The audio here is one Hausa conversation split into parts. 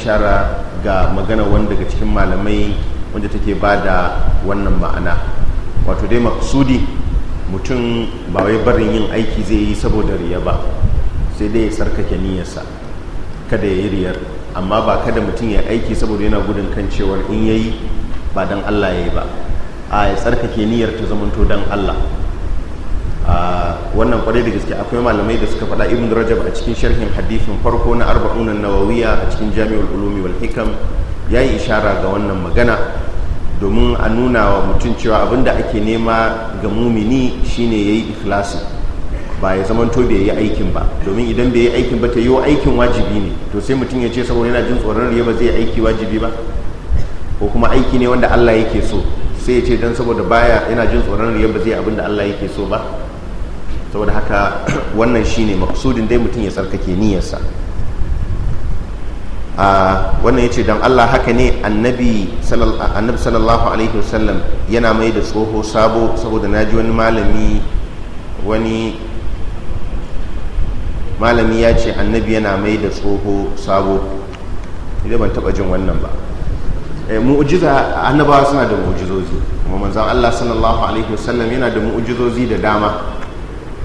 ishara ga magana wanda daga cikin malamai wanda take ba da wannan ma'ana wato dai maksudi mutum ba wai barin yin aiki zai yi saboda riya ba sai dai ya tsarkake niyyarsa kada ya yi riyar amma ba kada mutum ya aiki saboda yana gudun kan cewar in yayi ba dan Allah ya yi ba a ya tsarkake niyyar ta zamanto dan Allah wannan kwarai da gaske akwai malamai da suka faɗa ibn rajab a cikin sharhin hadithin farko na arba'unan nawawiya a cikin jami'ul ulumi wal hikam ya yi ishara ga wannan magana domin a nuna wa mutum cewa abinda ake nema ga mumini shine ya yi ikhlasi ba ya zama to bai yi aikin ba domin idan bai yi aikin ba ta yi aikin wajibi ne to sai mutum ya ce saboda yana jin tsoron riya ba zai yi aiki wajibi ba ko kuma aiki ne wanda Allah yake so sai ya ce dan saboda baya yana jin tsoron riya ba zai abin da Allah yake so ba saboda haka wannan shine maksudin dai mutum ya tsarkake niyyarsa a wannan yace dan Allah haka ne annabi sallallahu alaihi wasallam yana mai da tsoho sabo saboda naji wani malami wani malami ya ce annabi yana mai da tsoho sabo idan ban taba jin wannan ba eh, mu'jiza annabawa suna da mu'jizozi kuma manzon Allah sallallahu alaihi wasallam yana da mu'jizozi da dama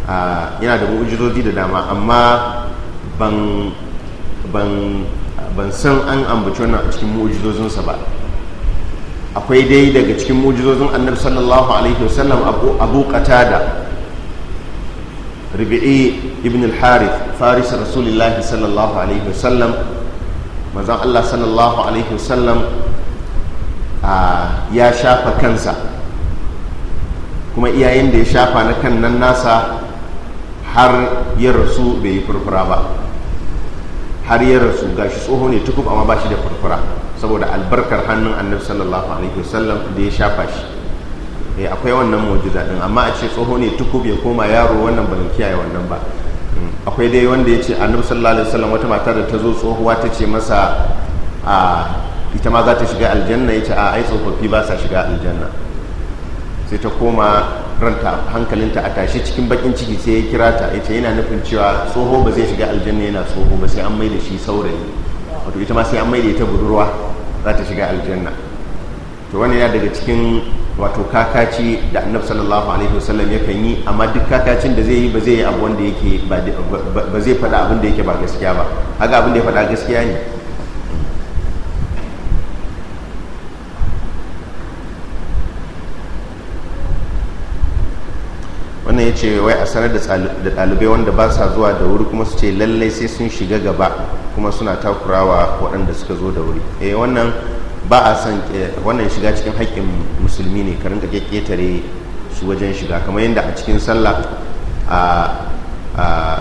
Ah, yana da mu'ujizozi da dama amma ban san an ambaci wannan a cikin mu'ujizozinsa ba akwai dai daga cikin mu'ujizozin annabi sallallahu alaihi wasallam abu qatada ribi'i ibn al-harith faris rasulullahi sallallahu alaihi wasallam manzon Allah sallallahu alaihi wasallam ah, ya shafa kansa kuma iyayen da ya shafa na kan nan nasa har ya rasu bai yi furfura ba har ya rasu ga shi tsoho ne tukub amma ba shi da furfura saboda albarkar hannun annabi sallallahu alaihi wasallam da ya shafa shi eh, akwai wannan mu'jiza din amma a ce tsoho ne tukub ya koma yaro wannan ban kiyaye wannan ba hmm, akwai dai wanda ya ce annabi sallallahu alaihi wasallam wata mata da ta zo tsohuwa ta ce masa a ah, ita ma za ta shiga aljanna ya ce a ah, ai tsofaffi ba sa shiga aljanna sai ta koma ranta hankalinta a tashe cikin bakin ciki sai ya kira ta ita yana nufin cewa tsoho ba zai shiga aljanna yana tsoho ba sai an mai shi saurayi wato ita ma sai an mai da ita budurwa za ta shiga aljanna to wani ya daga cikin wato kakaci da annabi sallallahu alaihi wasallam yakan yi amma duk kakacin da zai yi ba zai yi abu wanda yake ba zai faɗa abin da yake ba gaskiya ba haka abin da ya faɗa gaskiya ne kuna ya ce wai a sanar da ɗalibai wanda ba sa zuwa da wuri kuma su ce lallai sai sun shiga gaba kuma suna takurawa waɗanda suka zo da wuri eh wannan ba a san eh, wannan shiga cikin haƙƙin musulmi ne karin ka ƙetare su wajen shiga kamar yadda a cikin sallah a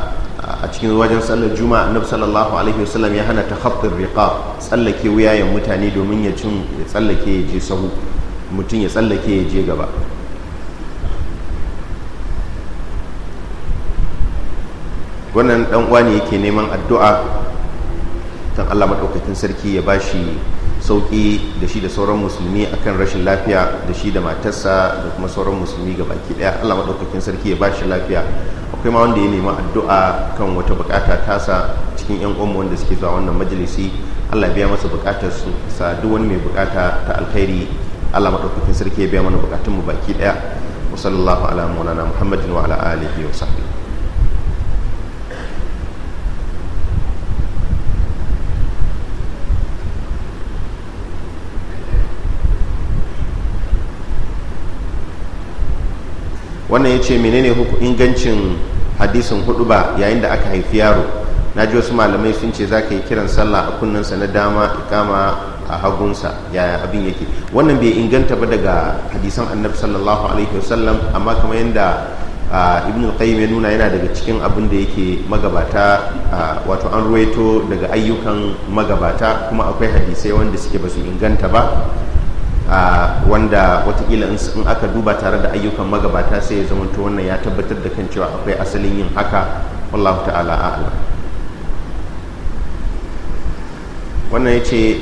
cikin wajen sallar juma'a annabi sallallahu alaihi wasallam ya hana ta khaffir riqa tsallake wuyayen mutane domin ya cin tsallake ya je sahu mutum ya tsallake ya je gaba wannan dan uwa ne yake neman addu'a kan Allah madaukakin sarki ya bashi sauki da shi da sauran musulmi akan rashin lafiya da shi da matarsa da kuma sauran musulmi ga baki daya Allah madaukakin sarki ya bashi lafiya akwai ma wanda ya nema addu'a kan wata bukata tasa cikin yan uwan wanda suke zuwa wannan majalisi Allah biya masa bukatar su sa duk wani mai bukata ta alkhairi Allah madaukakin sarki ya biya mana bukatun mu baki daya wa sallallahu ala muhammad muhammadin wa ala wa sahbihi wannan ya ce menene ingancin hadisin hudu ba yayin da aka haifi yaro na ji wasu malamai sun ce za ka yi kiran sallah a sa na dama ikama a hagunsa yaya abin yake wannan bai inganta ba daga hadisan annabi sallallahu alaihi wasallam amma kamar yadda ibn qayyim ya nuna yana daga cikin abin da yake magabata wato an ruwaito daga ayyukan magabata kuma akwai hadisai wanda suke ba su inganta ba A wanda watakila in aka duba tare da ayyukan magabata sai ya zama wannan ya tabbatar da kan cewa akwai asalin yin haka wallahu ta'ala a'ala wannan ya ce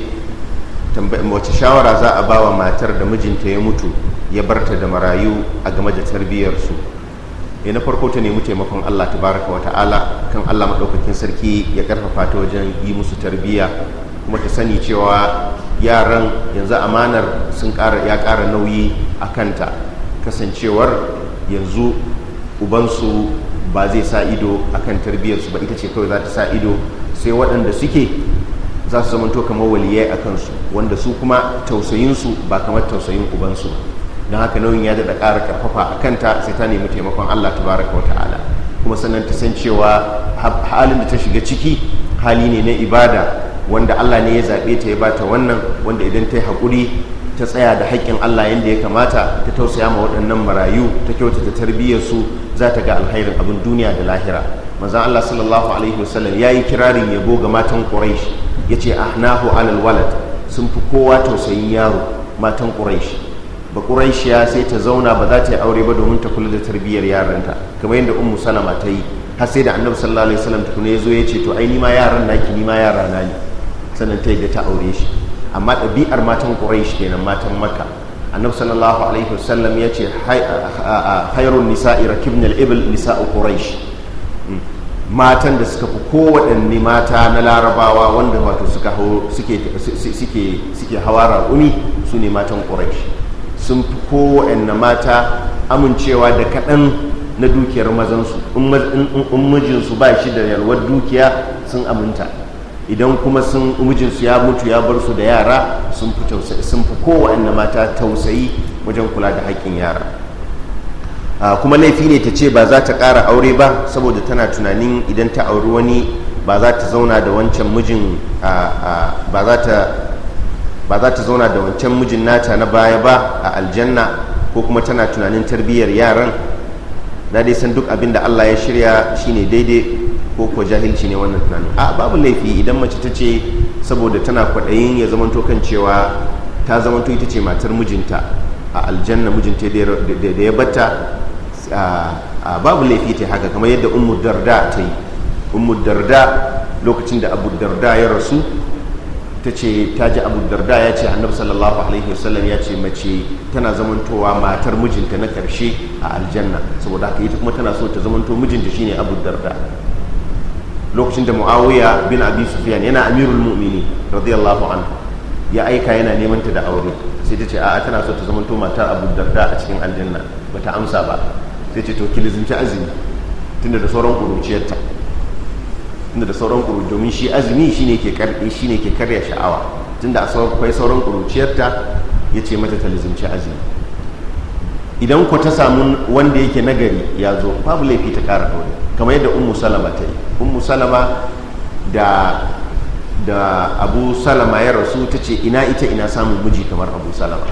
wace shawara za a bawa matar da mijinta ya mutu ya barta da marayu a game da tarbiyyarsu ya eh, na farko ta nemi taimakon allah ta baraka wa ta'ala kan allah maɗaukakin sarki ya karfafa ta wajen yi musu tarbiyya kuma ta sani cewa yaran yanzu amanar sun kara ya kara nauyi a kanta kasancewar yanzu ubansu ba zai sa ido a kan tarbiyyarsu ba ita ce kawai za ta sa ido sai waɗanda suke za su zamanto kamar waliyai a kansu wanda su kuma tausayinsu ba kamar tausayin ubansu don haka nauyin ya daɗa ƙara karfafa a kanta sai ta nemi taimakon allah ta wa ta'ala kuma sannan ta san cewa halin da ta shiga ciki hali ne na ibada wanda Allah ne ya zaɓe ta ya bata wannan wanda idan ta yi haƙuri ta tsaya da haƙƙin Allah yadda ya kamata ta tausaya ma waɗannan marayu ta kyauta kyautata tarbiyyarsu za ta ga alkhairin abin duniya da lahira manzon Allah sallallahu alaihi wasallam yayi kirarin yabo ga matan Quraysh yace ahnahu alal walad sun fi kowa tausayin yaro matan Quraysh ba Quraysh ya sai ta zauna ba za ta yi aure ba domin ta kula da tarbiyyar yaranta kamar yadda Ummu Salama ta yi har sai da Annabi sallallahu alaihi wasallam tukuna ya zo ya ce to ai ni ma yaran naki ni ma yara na ne sannan ta yadda ta aure shi amma ɗabi'ar matan quraish kenan matan maka annabi sallallahu alaihi wasallam ya ce hayrun nisa'i rakibna ibil ibl nisa'u quraish hmm. matan da suka fi kowaɗanne mata na larabawa wanda wato suke hawa raƙumi su ne matan ƙuraish sun fi kowaɗanne mata amincewa da kaɗan na dukiyar mazansu in mijinsu ba shi da yalwar dukiya sun aminta idan kuma sun mijinsu ya mutu ya bar su da yara sun fi kowanne mata tausayi wajen kula da haƙƙin yara kuma laifi ne ta ce ba za ta ƙara aure ba saboda tana tunanin idan ta auri wani ba za ta zauna da wancan mijin ba za ta zauna da wancan mijin nata na baya ba a aljanna ko kuma tana tunanin tarbiyyar yaran na dai san duk abin da allah ya shirya shine daidai ko ko jahilci ne wannan tunanin a babu laifi idan mace ta ce saboda tana kwaɗayin ya zamanto kan cewa ta zamanto ita ce matar mijinta a aljanna mijinta da ya batta babu laifi ta haka kamar yadda ummu darda ta yi ummu darda lokacin da abu darda ya rasu ta ce ta ji abu darda ya ce annabi sallallahu alaihi wasallam ya ce mace tana zamantowa matar mijinta na karshe a aljanna saboda haka ita kuma tana so ta zamanto mijinta shine abu darda lokacin da muawiya bin abi sufyan yana amirul mu'mini radiyallahu anhu ya aika yana neman ta da aure sai ta ce a'a tana so ta zamanto matar abu darda a cikin aljanna bata amsa ba sai ce to kilizinci azumi tunda da sauran kurunciyarta tunda da sauran kuru domin shi azumi shine ke karbe shine ke karya sha'awa tunda a sauran kwai sauran kuruciyarta ya ce mata ta lizinci azumi idan ku ta samu wanda yake nagari ya zo babu laifi ta kara dole kamar yadda ummu salama ta yi ummu salama da da abu salama ya rasu ta ce ina ita ina samun miji kamar abu salama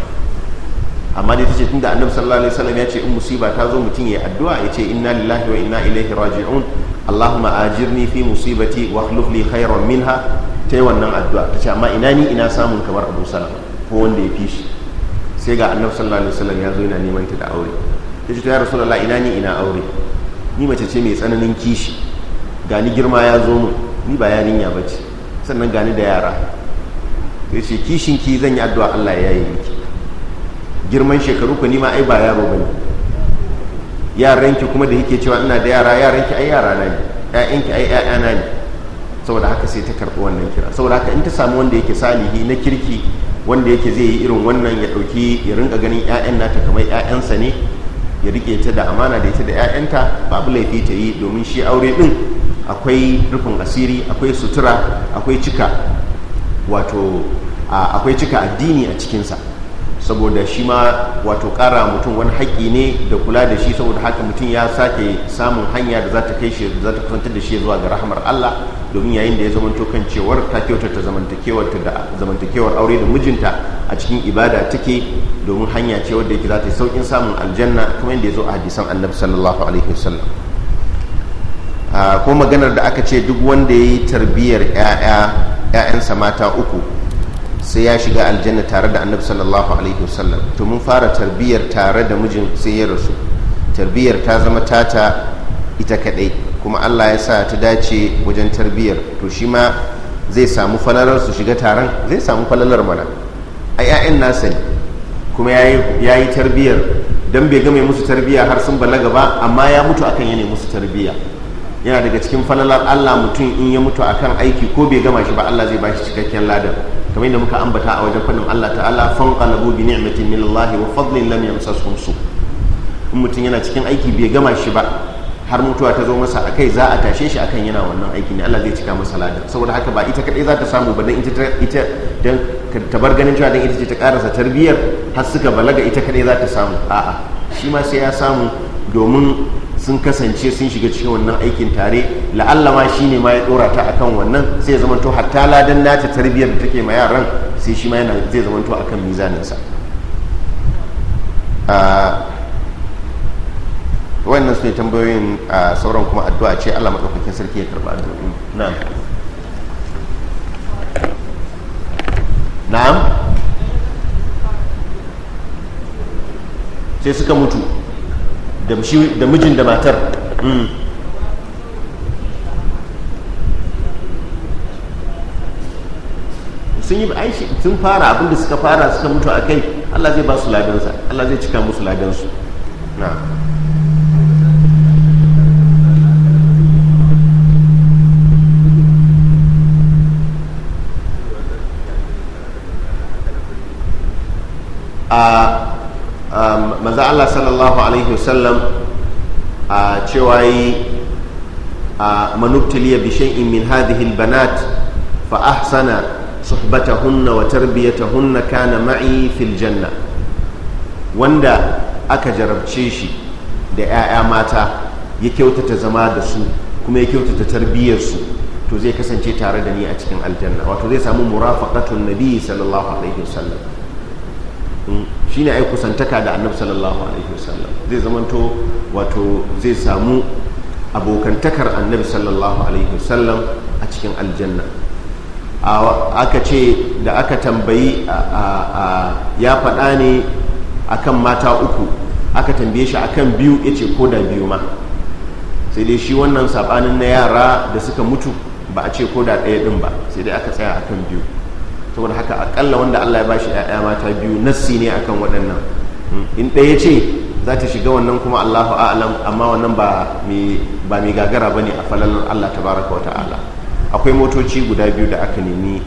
amma dai ta ce tunda annabi sallallahu alaihi wasallam ya ce in musiba ta zo mutum ya addu'a ya ce inna lillahi wa inna ilaihi raji'un allahumma ajirni fi musibati wa akhluf li khairan minha ta yi wannan addu'a ta ce amma ina ni ina samun kamar abu salama ko wanda ya fi shi sai ga annabi sallallahu alaihi wasallam ya zo yana neman ta da aure ta ce ta ya rasulullahi ina ni ina aure ni mace ce mai tsananin kishi gani girma ya zo mu ni ba yarinya ba ce sannan gani da yara to shi kishin ki zan yi addu'a Allah ya yi miki girman shekaru ku ma ai ba yaro bane yaran ki kuma da yake cewa ina da yara yaran ki ai yara na ne ƴaƴan ki ai ƴaƴa na ne saboda haka sai ta karɓi wannan kira saboda haka in ta samu wanda yake salihi na kirki wanda yake zai yi irin wannan ya ɗauki ya rinka ganin ƴaƴan nata kamar ƴaƴansa ne ya rike ta da amana da ita da ƴaƴanta babu laifi ta yi domin shi aure din akwai rufin asiri akwai sutura akwai cika wato akwai cika addini a cikinsa saboda shi ma wato kara mutum wani haƙƙi ne da kula da shi saboda haka mutum ya sake samun hanya da za ta kai shi za ta kusantar da shi zuwa ga rahamar Allah domin yayin da ya zama kan cewar ta kyautata zamantakewar da zamantakewar aure da mijinta a cikin ibada take domin hanya ce wadda yake za ta yi saukin samun aljanna kuma yadda ya zo a hadisan annabi sallallahu alaihi wasallam Ah, ko maganar da aka ce duk wanda ya yi tarbiyyar 'ya'yansa mata uku sai ya shiga aljanna tare da annabi sallallahu alaihi wasallam to mun fara tarbiyyar tare da mijin sai ya rasu tarbiyyar ta zama tata ita kadai kuma allah ya sa ta dace wajen tarbiyyar to shi ma zai samu falalar su shiga taron zai samu falalar mana a 'ya'yan nasa ne kuma ya yi tarbiyyar don bai game musu tarbiyya har sun balaga ba amma ya mutu akan ya ne musu tarbiyya yana daga cikin falalar Allah mutum in ya mutu akan aiki ko bai gama shi ba Allah zai bashi cikakken ladan kamar yadda muka ambata a wajen fannin Allah ta'ala fanqalabu bi ni'matin min Allah wa fadlin lam yamsashum su in mutum yana cikin aiki bai gama shi ba har mutuwa ta zo masa akai za a tashe shi akan yana wannan aiki ne Allah zai cika masa ladan saboda haka ba ita kadai za ta samu ba dan ita dan ta bar ganin cewa dan ita ce ta karasa tarbiyyar har suka balaga ita kadai za ta samu a'a shi ma sai ya samu domin sun kasance sun shiga cikin wannan aikin tare la'allama shi ne ma ya dora ta akan wannan sai ya to hatta ladan nata tarbiyyar da take ma yaran sai shi ma yana zai a akan mizaninsa wannan su ne tambayoyin a sauran kuma addu'a ce allah maɗaukakin sarki ya karɓa addu'o'i na'am na'am sai suka mutu da mijin da matar mm. sun yi aishi sun fara abinda suka fara suka mutu a kai allah zai ba su ladansa allah zai cika musu ladansu na a Um, Maza allah sallallahu alaihi wasallam a uh, cewa yi a uh, manubtaliya bishe'in min hadhihi banat fa ahsana suhbatahunna wa tarbiyatahunna kana ma'i fil janna wanda aka jarabce shi da 'ya'ya mata ya kyautata zama da su kuma ya kyautata tarbiyyarsu to zai kasance tare da ni a cikin aljanna wato zai samu murafaqatun nabi sallallahu alaihi wasallam shine ai kusantaka da annabi sallallahu alaihi wasallam zai zamanto wato zai samu abokantakar annabi sallallahu alaihi wasallam a cikin aljanna aka ce da aka tambayi ya faɗa ne akan mata uku aka tambaye shi akan biyu ya ce ko da biyu ma sai dai shi wannan sabanin na yara da suka mutu ba a ce ko da ɗaya ɗin ba sai dai aka tsaya akan biyu saboda haka akalla wanda Allah ya bashi ƴaƴa mata biyu nassi ne akan waɗannan in ɗaya ce za ta shiga wannan kuma Allahu a'lam amma wannan ba mi ba mi gagara bane a falalar Allah tabaraka wata'ala akwai motoci guda biyu da aka nemi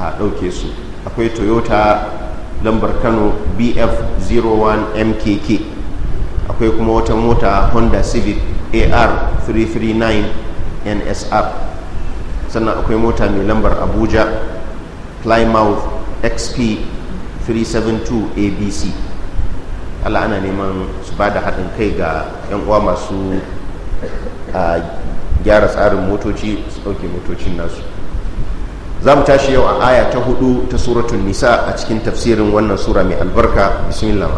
a ɗauke su akwai Toyota lambar Kano BF 01 MKK akwai kuma wata mota Honda Civic AR 339 NSR sannan akwai mota mai lambar Abuja plymouth xp 372 abc allah ana neman su ba da haɗin kai ga 'yan uwa masu gyara tsarin motoci su ɗauke motocin nasu za mu tashi yau a aya ta hudu ta suratun nisa a cikin tafsirin wannan sura mai albarka bismillah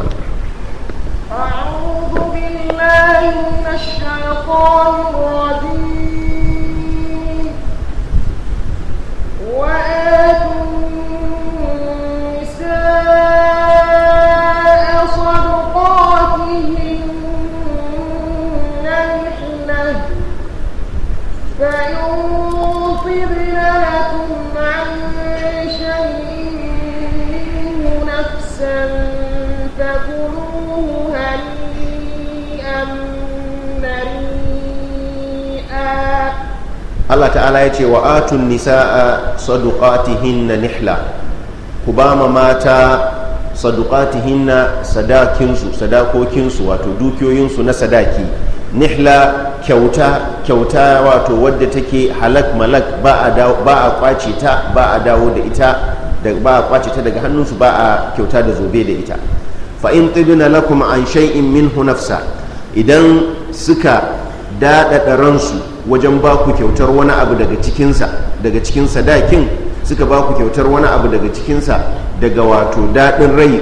وآتوا خبيثا ta'ala ya ce wa atun يتي وآتوا النساء صدقاتهن نحلة كباما ماتا sadukatihinna sadakinsu sadakokinsu wato dukiyoyinsu na sadaki nihla kyauta kyauta wato wadda take halak malak ba a kwace ta ba a dawo da ita da ba a kwace ta daga hannunsu ba a kyauta da zobe da ita fa’in in na kuma an shay'in min hunafsa idan suka daɗaɗa ransu wajen ba ku kyautar wani abu daga cikinsa daga cikin sadakin suka ba ku kyautar wani abu daga cikinsa daga wato daɗin rai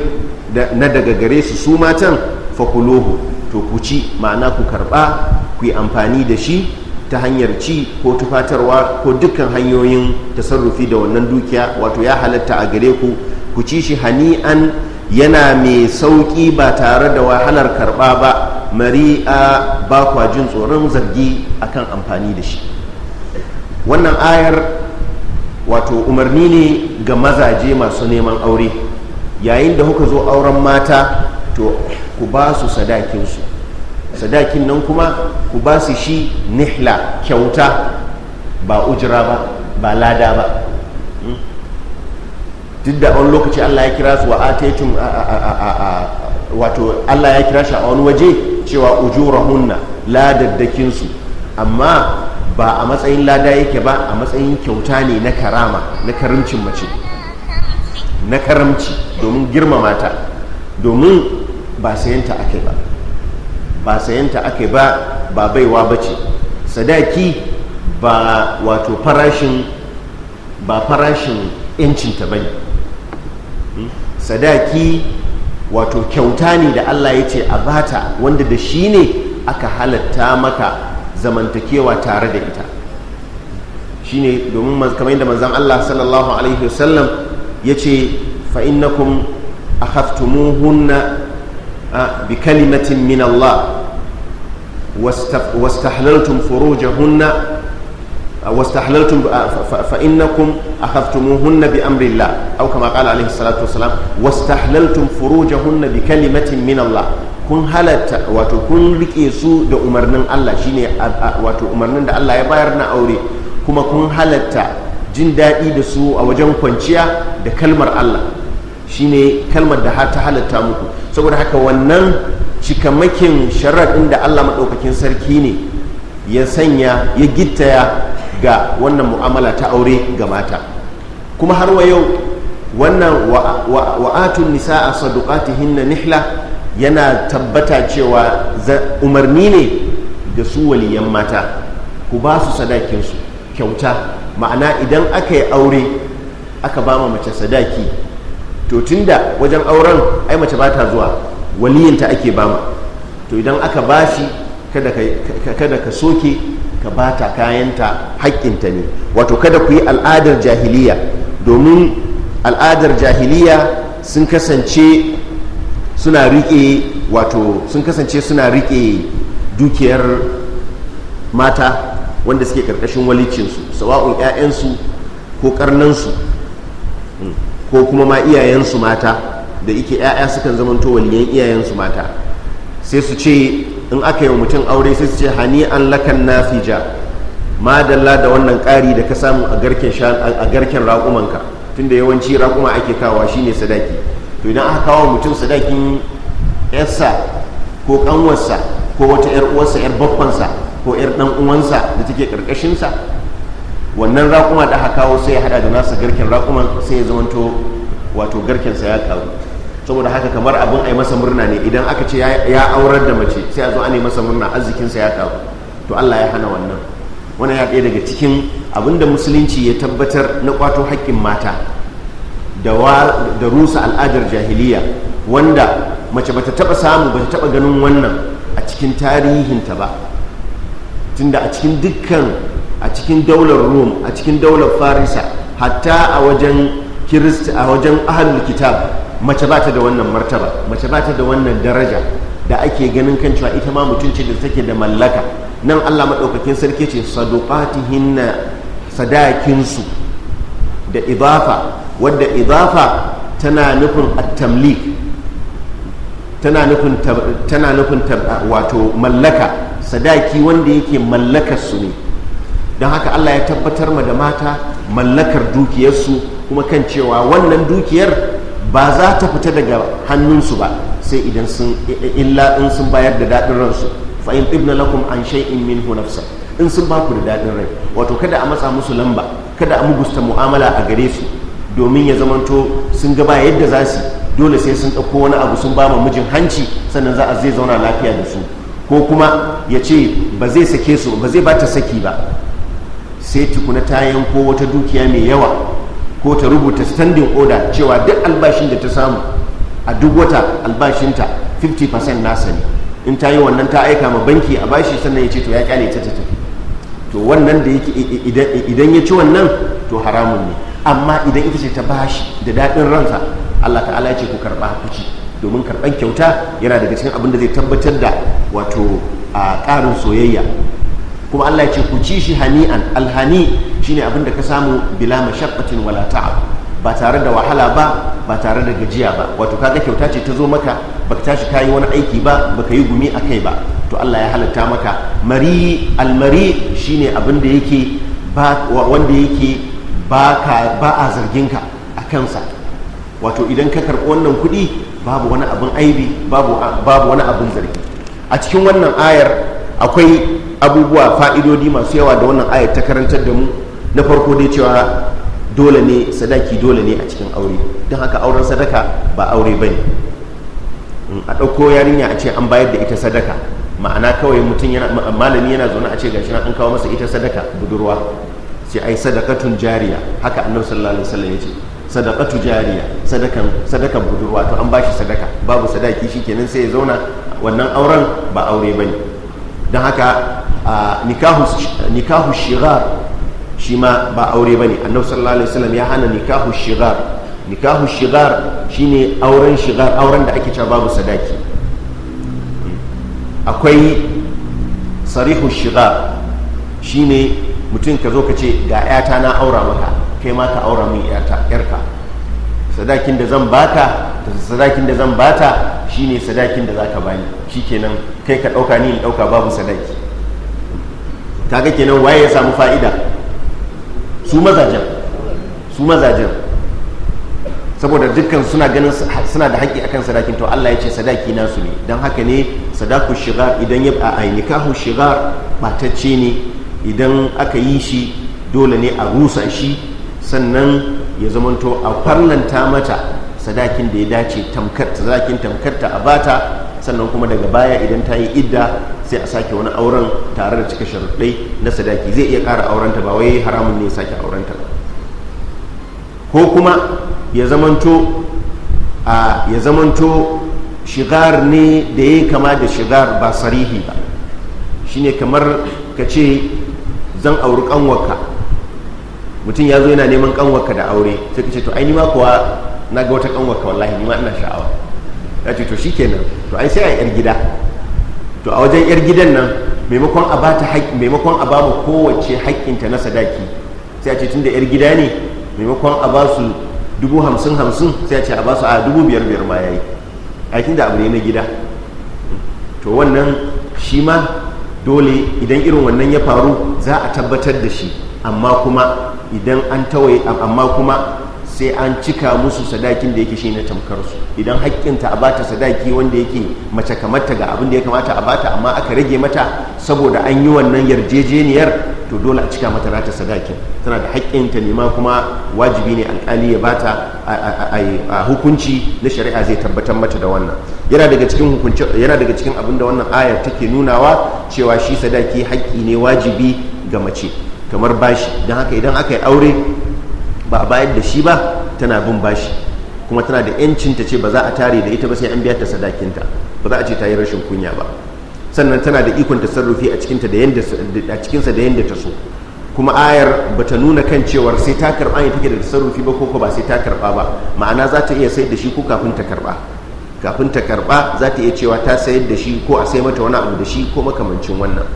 na daga gare su su matan fakulohu to ku ci ma'ana ku karɓa ku yi amfani da shi ta hanyar ci ko tufatarwa ko dukkan hanyoyin tasarrufi da wannan dukiya wato ya halatta a gare ku ku ci shi hani'an yana mai sauƙi ba tare da wahalar karɓa ba mari'a ba kwa jin tsoron zargi akan amfani da shi wannan ayar wato umarni ne ga mazaje masu neman aure yayin da kuka zo auren mata to ku ba su sadakinsu sadakin nan kuma ku ba su shi nihla kyauta ba ujira ba ba lada ba hmm? duk da wani lokaci Allah ya kira su wa wato Allah ya kira shi a wani waje cewa ujurahunna ladaddakin su amma ba a matsayin lada yake ba a matsayin kyauta ne na karama na karamcin mace na karamci domin girmama ta domin ba sayanta akai ba ba sayanta ake ba ba baiwa ba ce sadaki ba wato farashin ba farashin yancinta ba ne hmm? sadaki wato kyauta ne da allah ya ce a bata wanda da shi ne aka halatta maka zamantakewa tare da ita Shi ne domin kamar yadda manzan allah sallallahu alaihi wasallam ya ce a haftumuhunna bi kalimatin min Allah واستحللتم فروجهن واستحللتم فإنكم أخذتموهن بأمر الله أو كما قال عليه الصلاة والسلام واستحللتم فروجهن بكلمة من الله kun halatta wato kun rike su da umarnin Allah shine wato umarnin da Allah ya bayar na aure kuma kun halatta jin daɗi da su a wajen kwanciya da kalmar Allah shine kalmar da ta halatta muku saboda haka wannan cikamakin sharaɗin da allah maɗaukakin sarki ne ya sanya ya gittaya ga wannan mu'amala ta aure ga mata kuma har wa yau wannan wa'atun nisa a hinna nihla yana tabbata cewa umarni ne ga su waliyan mata ku ba su sadakinsu kyauta ma'ana idan aka yi aure aka ba mace sadaki to tunda wajen auren ai mace ba ta zuwa waliyinta ake bama to idan aka ba shi kada ka soke ka bata kayanta haƙƙinta ne wato kada ku yi al'adar jahiliya domin al'adar jahiliya sun kasance suna riƙe wato sun kasance suna riƙe dukiyar mata wanda suke ƙarƙashin walicinsu sawa'un 'ya'yansu ko ƙarnansu ko kuma ma iyayensu mata da ike 'ya'ya sukan zamanto waliyan iyayensu mata sai su ce in aka yi wa mutum aure sai su ce hani an lakan nafija ma da wannan ƙari da ka samu a garken raƙumanka tunda yawanci raƙuma ake shi shine sadaki to idan aka kawo mutum sadakin yarsa ko ƙanwarsa ko wata 'yar uwarsa 'yar babbansa ko 'yar ɗan uwansa da take ƙarƙashinsa wannan raƙuma da aka kawo sai ya hada da nasa garken raƙuman sai ya zamanto wato garkensa ya kawo saboda haka kamar abin a yi masa murna ne idan aka ce ya aurar da mace sai a zo an yi masa murna arzikinsa ya kawo to allah ya hana wannan wannan ya ɗaya daga cikin abin da musulunci ya tabbatar na kwato haƙƙin mata da rusa al'adar jahiliya wanda mace bata taɓa samu bata taɓa ganin wannan a cikin tarihinta ba tunda a cikin dukkan a cikin daular Rome a cikin daular farisa hatta a wajen kirista a wajen ahalul kitab mace ba ta da wannan martaba mace ba ta da wannan daraja da ake ganin kan cewa ita ma mutum ce da take da mallaka nan allah maɗaukakin sarki ce saduqatihinna sadakinsu da idafa wadda idafa tana nufin at tana nufin tana nufin wato mallaka sadaki wanda yake mallakar su ne don haka allah ya tabbatar ma da mata mallakar dukiyarsu kuma kan cewa wannan dukiyar ba za ta fita daga hannunsu ba sai idan sun illa in sun bayar da daɗin ransu fa in ibna lakum an shay'in min nafsa in sun baku da daɗin rai wato kada a matsa musu lamba kada a mugusta mu'amala a gare su domin ya zamanto sun gaba yadda za su dole sai sun ɗauko wani abu sun ba ma mijin hanci sannan za a zai zauna lafiya da su ko kuma ya ce ba zai sake su ba zai ba ta saki ba sai tukuna ta yanko wata dukiya mai yawa ko ta rubuta standing order cewa duk albashin da ta samu a duk wata albashinta 50% nasa ne in ta yi wannan ta aika ma banki a bashi sannan ya ce to ya kyale ta ta tafi to wannan da yake idan ya ci wannan to haramun ne amma idan ita ce ta bashi da daɗin ransa allah ta'ala ya ce ku karɓa ku domin karɓan kyauta yana daga cikin abin da zai tabbatar da wato a ƙarin soyayya kuma Allah ya ce ku ci shi hani'an alhani shine abin da ka samu bila mashaqqatin wala ta'ab ba tare da wahala ba ba tare da gajiya ba wato kaga kyauta ce ta zo maka baka tashi kayi wani aiki ba baka yi gumi a kai ba to Allah ya halatta maka mari almari shine abin da yake ba wanda yake ba ba a zargin ka a kansa wato idan ka karɓi wannan kuɗi babu wani abin aibi babu babu wani abin zargi a cikin wannan ayar akwai abubuwa fa'idodi masu yawa da wannan ayat ta karantar da mu na farko dai cewa dole ne sadaki dole ne a cikin aure don haka auren sadaka ba aure ba ne a ɗauko yarinya a ce an bayar da ita sadaka ma'ana kawai mutum yana malami yana zaune a ce gashi na an kawo masa ita sadaka budurwa sai ai sadakatun jariya haka annabi sallallahu alaihi wasallam yace sadakatu jariya sadakan sadakan budurwa to an bashi sadaka babu sadaki shikenan sai ya zauna wannan auren ba aure bane don haka a nikahu shigar shi ma ba aure ba ne annabi sallallahu alaihi wasallam ya hana nikahu shigar nikahu shigar shine auren shigar auren da ake cewa babu sadaki akwai sarihu shigar shine mutum ka zo ka ce ga 'yata na aura maka kai ma ka aura min 'yarka sadakin da zan baka sadakin da zan bata shine sadakin da zaka bani shi shikenan kai ka ɗauka ni in dauka babu sadaki kaga kenan waye ya samu fa'ida su mazajen su mazajen saboda dukkan suna ganin suna da haƙƙi akan sadakin to Allah ya ce sadaki nasu ne don haka ne sadaku shigar idan ya a nikahu shigar batacce ne idan aka yi shi dole ne a rusa shi sannan ya zamanto a farlanta mata sadakin da ya dace tamkar sadakin tamkarta a bata sannan kuma daga baya idan ta yi idda sai a sake wani auren tare da cika sharuɗai na sadaki zai iya ƙara aurenta ba wai haramun ne sake aurenta ko kuma ya zamanto a ya zamanto shigar ne da ya kama da shigar ba sarihi ba shine kamar ka ce zan auri ƙanwaka mutum ya zo yana neman ƙanwaka da aure sai ka ce to ai ma kuwa na ga wata ƙanwaka wallahi ni ma ina sha'awa ya ce to shi kenan to ai sai a yar gida to a wajen yar gidan nan maimakon a ba ta maimakon a ba mu kowace haƙƙinta na sadaki sai a ce tun da yar gida ne maimakon a ba su dubu hamsin hamsin sai a ce a ba su a dubu biyar biyar ma ya yi aikin da abu ne na gida to wannan shi ma dole idan irin wannan ya faru za a tabbatar da shi amma kuma idan an tawaye amma kuma sai an cika musu sadakin da yake shi na tamkarsu idan haƙƙinta a bata sadaki wanda yake mace kamarta ga abin da ya kamata a bata amma aka rage mata saboda an yi wannan yarjejeniyar to dole a cika mata rata sadakin tana da haƙƙinta nema kuma wajibi ne alƙali ya bata a hukunci na shari'a zai tabbatar mata da wannan yana daga cikin hukunci yana daga cikin abin da wannan ayar take nunawa cewa shi sadaki haƙƙi ne wajibi ga mace kamar bashi don haka idan aka yi aure ba a bayar da shi ba tana bin bashi kuma tana da yancin ta ce ba za a tare da ita ba sai an biya ta sadakinta ba za a ce ta yi rashin kunya ba sannan tana da ikon tasarrufi a cikinta da yanda a cikinsa da yanda ta so kuma ayar ba ta nuna kan cewar sai ta karba ne take da sarrufi ba ko ba sai ta karba ba ma'ana za ta iya sayar da shi ko kafin ta karɓa kafin ta karɓa za ta iya cewa ta sayar da shi ko a sai mata wani abu da shi ko makamancin wannan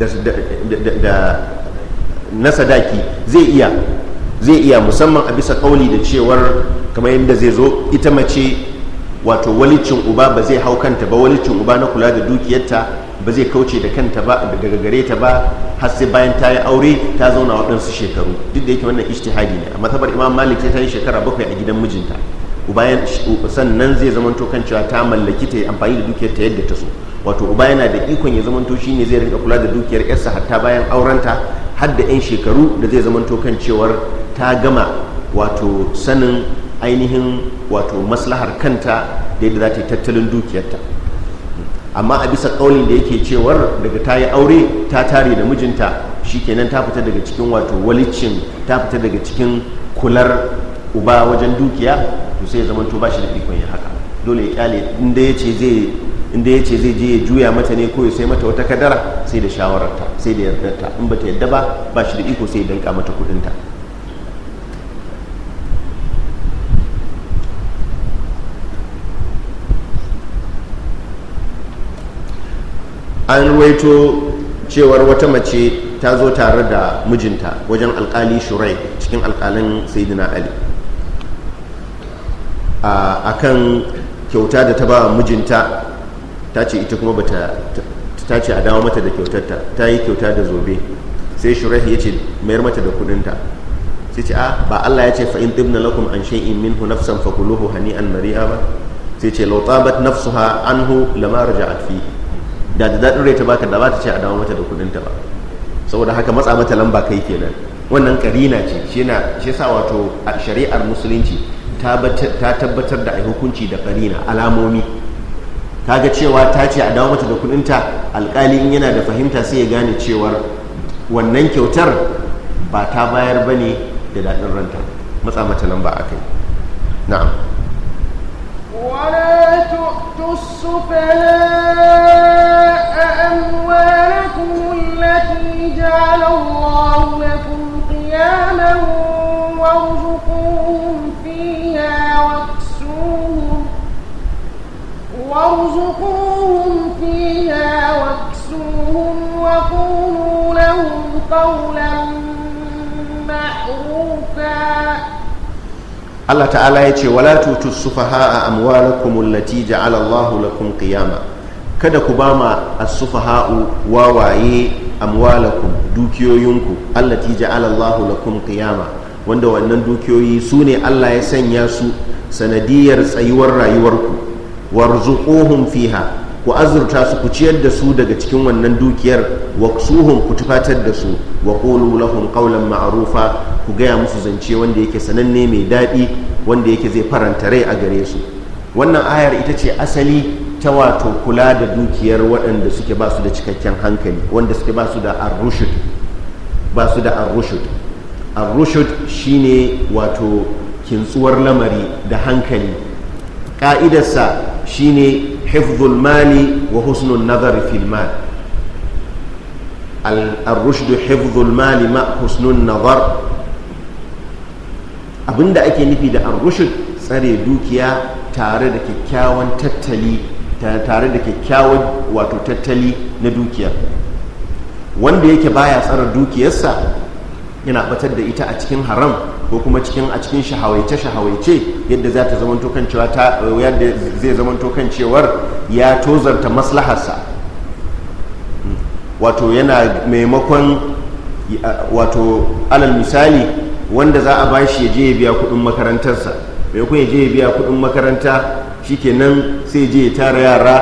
da na sadaki zai iya zai iya musamman a bisa kauli da cewar kamar yadda zai zo ita mace wato walicin uba ba zai hau kanta ba walicin uba na kula da dukiyarta ba zai kauce da kanta ba daga gare ta ba har sai bayan ta yi aure ta zauna waɗansu shekaru duk da yake wannan ishtihadi ne a matabar imam malik ya ta yi shekara bakwai a gidan mijinta bayan sannan zai zamanto kan cewa ta mallaki ta yi amfani da dukiyar ta yadda ta so wato uba yana da ikon ya zamanto shi ne zai rinka kula da dukiyar yarsa hatta bayan aurenta har da 'yan shekaru da zai zamanto kan cewar ta gama wato sanin ainihin wato maslahar kanta da yadda za ta yi tattalin dukiyarta amma a bisa ƙaunin da yake cewar daga ta yi aure ta tare da mijinta shi kenan ta fita daga cikin wato walicin ta fita daga cikin kular uba wajen dukiya to sai zaman to ba shi da ikon ya haka dole ya kyale inda ya ce zai je ya juya mata ne ko ya sai mata wata kadara sai da shawararta sai da yardarta in ba ta yadda ba ba shi da iko sai ya danka mata kudinta an ruwaito cewar wata mace ta zo tare da mijinta wajen alkali shurai cikin alkalin saidina ali a kan kyauta da ta ba mijinta ta ce ita kuma bata ta ce a dawo mata da kyautarta ta yi kyauta da zobe sai shurahi ya ce mayar mata da kudinta sai ce a ba Allah ya ce fa'in in na lakum an shay'in minhu nafsan fakuluhu hani'an mari'a ba sai ce law tabat nafsuha anhu lama raja'at fi da da dadin rai ta baka da ba ta ce a dawo mata da kudinta ba saboda haka matsa mata lamba kai kenan wannan karina ce shi yasa sa wato a shari'ar musulunci ta tabbatar da a hukunci da karina alamomi ta ga cewa ta ce a dawo mata da kudinta alkali in yana da fahimta sai ya gane cewar wannan kyautar ba ta bayar ba ne da daɗin ranta matsa mata nan ba a kai na'am التي جعل الله لكم قياما وارزقوا وارزقوهم فيها واكسوهم وقولوا لهم قولا معروفا الله تعالى يتي ولا تؤتوا السفهاء أموالكم التي جعل الله لكم قياما kada ku ba ma asufaha'u wawaye amwalakum dukiyoyinku allati ja'ala Allahu lakum qiyama wanda wannan dukiyoyi su ne Allah ya sanya su sanadiyar tsayuwar rayuwarku warzuquhum fiha ku azurta su ku ciyar da su daga cikin wannan dukiyar wa suhum ku tufatar da su wa qulu lahum qawlan ma'rufa ku gaya musu zance wanda yake sananne mai daɗi wanda yake zai faranta rai a gare su wannan ayar ita ce asali ta wato kula da dukiyar waɗanda suke ba su da cikakken hankali wanda suke ba su da arrushud ba shine wato kintsuwar lamari da hankali ka'idarsa ne hifzul mali wa husnul nazar fil mal al-rushd hifzul mali ma husnul nazar abinda ake nufi da ar-rushd tsare dukiya tare da kyakkyawan tattali tare da kyakkyawan wato tattali na dukiya wanda yake baya tsara dukiyarsa yana batar da ita a cikin haram ko kuma cikin a cikin shahawaice shahawaice yadda za ta zama tokan cewa ta yadda zai zama tokan cewar ya tozarta maslaharsa hmm. wato yana maimakon wato alal misali wanda za a bashi ya je ya biya kudin makarantarsa mai ya je ya biya kudin makaranta shikenan sai je ya tara yara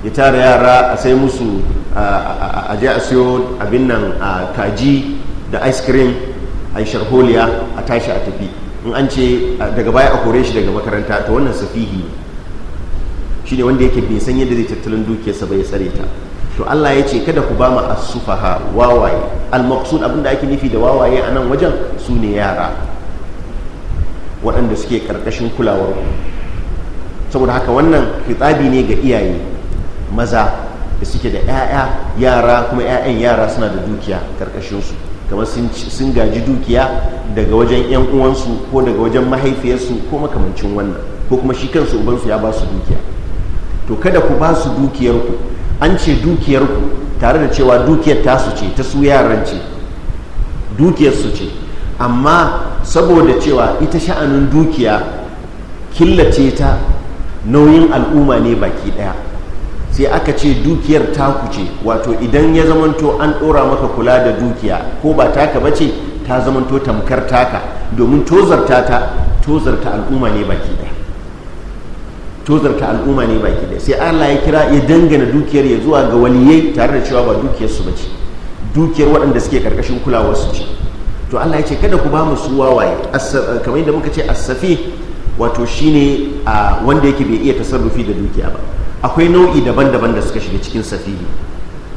ya tara yara a sai musu a je a siyo abin nan a kaji da ice cream a yi sharholiya a tashi a tafi in an ce daga baya a kore shi daga makaranta ta wannan safihi ne shi ne wanda yake bin san yadda zai tattalin dukiyarsa bai tsare ta to Allah ya ce kada ku ba mu asufaha wawaye al-maqsud abinda ake nufi da wawaye a nan wajen su ne yara waɗanda suke karkashin kulawar saboda haka wannan fitsabi ne ga iyaye maza da suke da ƴaƴa yara kuma ƴaƴan yara suna da dukiya karkashin su kamar sun gaji dukiya daga wajen 'yan uwansu ko daga wajen mahaifiyarsu ko makamancin wannan ko kuma shi kansu ubansu ya ba su dukiya to kada ku ba su dukiyarku an ce dukiyarku tare da cewa dukiyar tasu ce ta su yaran ce dukiyarsu ce amma saboda cewa ita sha'anin dukiya killace ta nauyin al'umma ne baki ɗaya sai aka ce dukiyar taku ce wato idan ya zamanto an ɗora maka kula da dukiya ko ba taka ba ce ta zamanto tamkar taka domin tozarta ta tozarta al'umma ne baki da tozarta al'umma ne baki da sai allah ya kira ya dangana dukiyar ya zuwa ga waliyai tare da cewa ba dukiyar su bace dukiyar waɗanda suke karkashin kulawar su ce to allah ya ce kada ku ba mu su wawaye kamar yadda muka ce asafi wato shine wanda yake bai iya tasarrufi da dukiya ba akwai nau'i daban-daban da suka shiga cikin safihi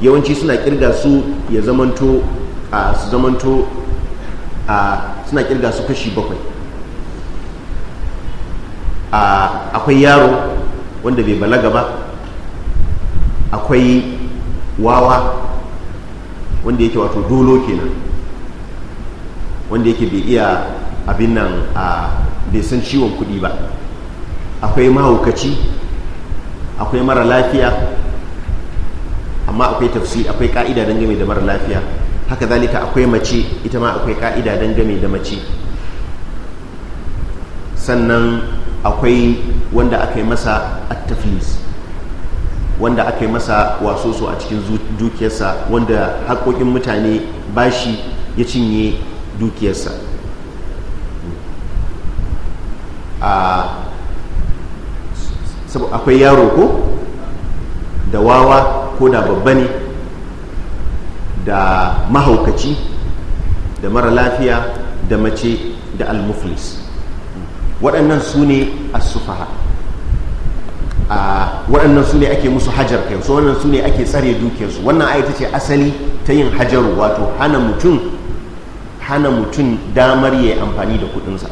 yawanci suna kirga su ya zamanto a su zamanto a suna kirga su kashi bakwai a akwai yaro wanda bai balaga ba akwai wawa wanda yake wato dolo kenan wanda yake bai iya abin nan a bai san ciwon kuɗi ba akwai mahaukaci akwai mara lafiya amma akwai tafsi akwai ka'ida game da mara lafiya haka zalika akwai mace ita ma akwai ka'ida game da mace sannan akwai wanda aka yi masa attaflis wanda aka yi masa waso a cikin dukiyarsa wanda haƙoƙin mutane bashi ya cinye dukiyarsa saboda akwai yaro ko da wawa ko da babba ne da mahaukaci da mara lafiya da mace da almuflis waɗannan su ne asufaha a waɗannan su ne ake musu hajar kai su wannan su ne ake tsare dukiyarsu wannan ayyata ce asali ta yin hajaru wato hana mutum hana mutum damar ya amfani da kudinsa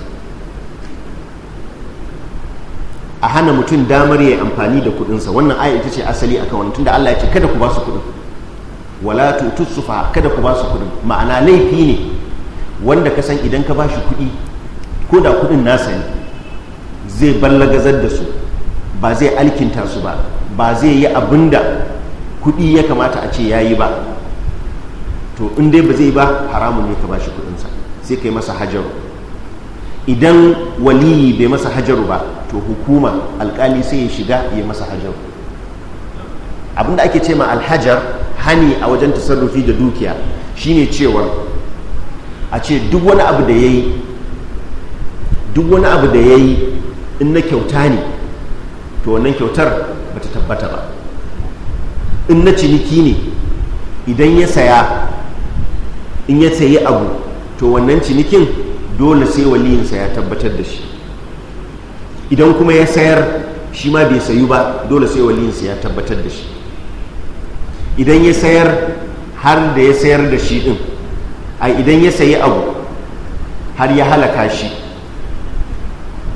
a hana mutum damar ya amfani da kuɗinsa wannan aya ita ce asali akan wani tunda Allah ya ce kada ku ba su kudin wala tu tusufa kada ku ba su kuɗin ma'ana laifi ne wanda ka san idan ka ba shi kuɗi ko da kuɗin nasa ne zai ballagazar da su ba zai alkinta su ba ba zai yi abin da kuɗi ya kamata a ce ya yi ba to in dai ba zai ba haramun ne ka ba shi kuɗinsa sai ka yi masa hajaru idan waliyi bai masa hajaru ba to hukuma alkali sai ya shiga ya masa hajaru abinda ake ce ma alhajar hani a wajen tasarrufi da dukiya shine cewar a ce duk wani abu da ya yi duk wani abu da ya yi in na kyauta ne to wannan kyautar ba tabbata ba in na ciniki ne idan ya saya in ya sayi abu to wannan cinikin dole sai waliyinsa ya tabbatar da shi idan kuma ya sayar shi ma bai sayu ba dole sai waliyinsa ya tabbatar da shi idan ya sayar har da ya sayar da shi din a idan ya sayi abu har ya halaka shi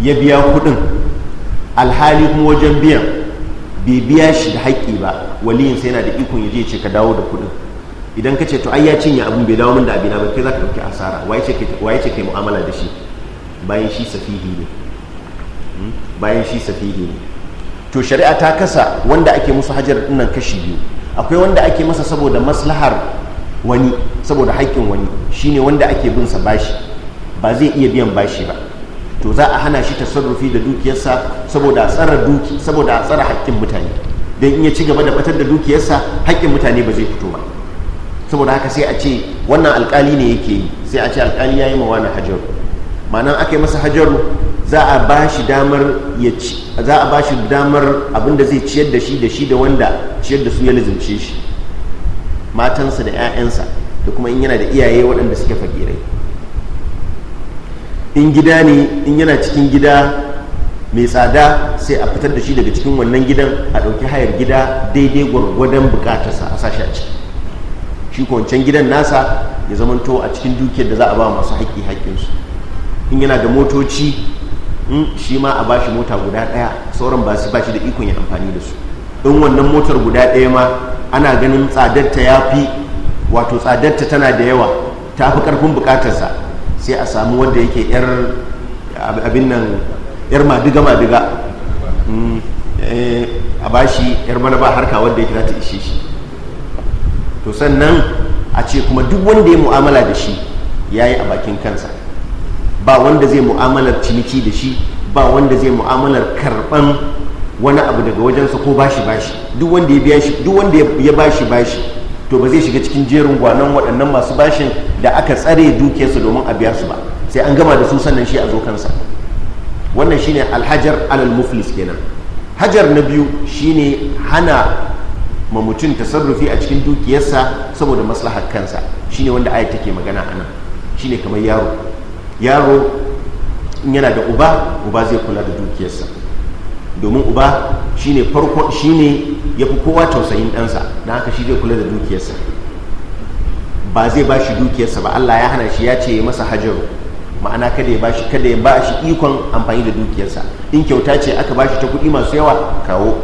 ya biya kudin alhali kuma wajen biyan bai biya shi da haƙƙi ba waliyinsa yana da ikon ya je ce ka dawo da kudin idan ka ce to ai ya cinye abin bai dawo min da abina ba kai za ka ɗauki asara waye ce kai mu'amala da shi bayan shi safihi ne hmm? bayan shi safihi ne to shari'a ta kasa wanda ake musu hajar dinnan kashi biyu akwai wanda ake masa saboda maslahar wani saboda haƙƙin wani shine wanda ake bin bashi ba zai iya biyan bashi ba to za a hana shi tasarrufi da dukiyarsa saboda a tsara duki saboda a tsara haƙƙin mutane don in ya ci gaba da batar da dukiyarsa haƙƙin mutane ba zai fito ba saboda haka sai a ce wannan alkali ne yake yi sai a ce alkali ya yi ma wani ma'anan ma'ana aka yi masa hajar za a ba shi damar ya ci za a ba shi damar abinda zai ciyar da shi da shi da wanda ciyar da su ya lizimce shi matansa da 'ya'yansa da kuma in yana da iyaye waɗanda suke fakirai in gida ne in yana cikin gida mai tsada sai a fitar da shi daga cikin wannan gidan a ɗauki hayar gida daidai gwargwadon bukatarsa a sashi a ciki shi ko wancan gidan nasa ya zamanto a cikin dukiyar da za a ba masu haƙƙi haƙƙinsu in yana da motoci shi ma a bashi mota guda ɗaya sauran ba su bashi da ikon ya amfani da su in wannan motar guda ɗaya ma ana ganin tsadarta ya fi wato tsadarta tana da yawa ta fi ƙarfin buƙatarsa sai a samu wanda yake yar abin nan yar madiga madiga hmm, eh, a bashi yar mana ba harka wanda yake za ta ishe shi to sannan a ce kuma duk wanda ya mu'amala da shi ya yi a bakin kansa ba wanda zai mu'amalar ciniki da shi ba wanda zai mu'amalar karban wani abu daga wajensa ko bashi bashi duk wanda ya biya shi duk wanda ya bashi bashi to ba zai shiga cikin jerin gwanon waɗannan masu bashin da aka tsare dukiyarsu domin a biya su ba sai an gama da su sannan shi a zo kansa wannan shine alhajar alal muflis kenan hajar na biyu shine hana ma mutum tasarrufi a cikin dukiyarsa saboda maslahar kansa shine wanda ayat take magana a nan shine kamar yaro yaro in yana da uba uba zai kula da dukiyarsa domin uba shine farko shine ya fi kowa tausayin ɗansa na haka shi zai kula da dukiyarsa ba zai ba shi dukiyarsa ba allah ya hana shi ya ce masa hajaru ma'ana kada ya shi kada ya shi ikon amfani da dukiyarsa in kyauta ce aka ba shi ta kuɗi masu yawa kawo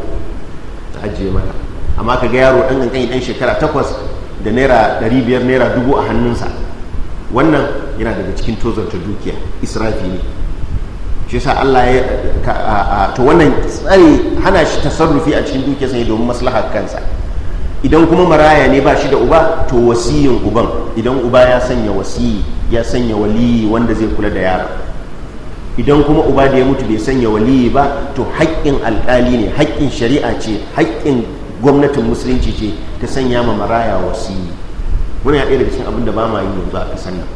ajiye mata amma ka ga yaro ɗan ƙanƙani ɗan shekara takwas da naira ɗari biyar naira dubu a hannunsa wannan yana daga cikin tozarta dukiya israfi ne shi sa Allah ya to wannan tsare hana shi tasarrufi a cikin dukiya sai domin maslaha kansa idan kuma maraya ne ba shi da uba to wasiyin uban idan uba ya sanya wasiyi ya sanya waliyi wanda zai kula da yara idan kuma uba da ya mutu bai sanya waliyi ba to haƙƙin alƙali ne haƙƙin shari'a ce haƙƙin gwamnatin musulunci ce ta sanya ma maraya yi, wani ya ɗaya cikin abin da ba ma yi yanzu a ƙasar nan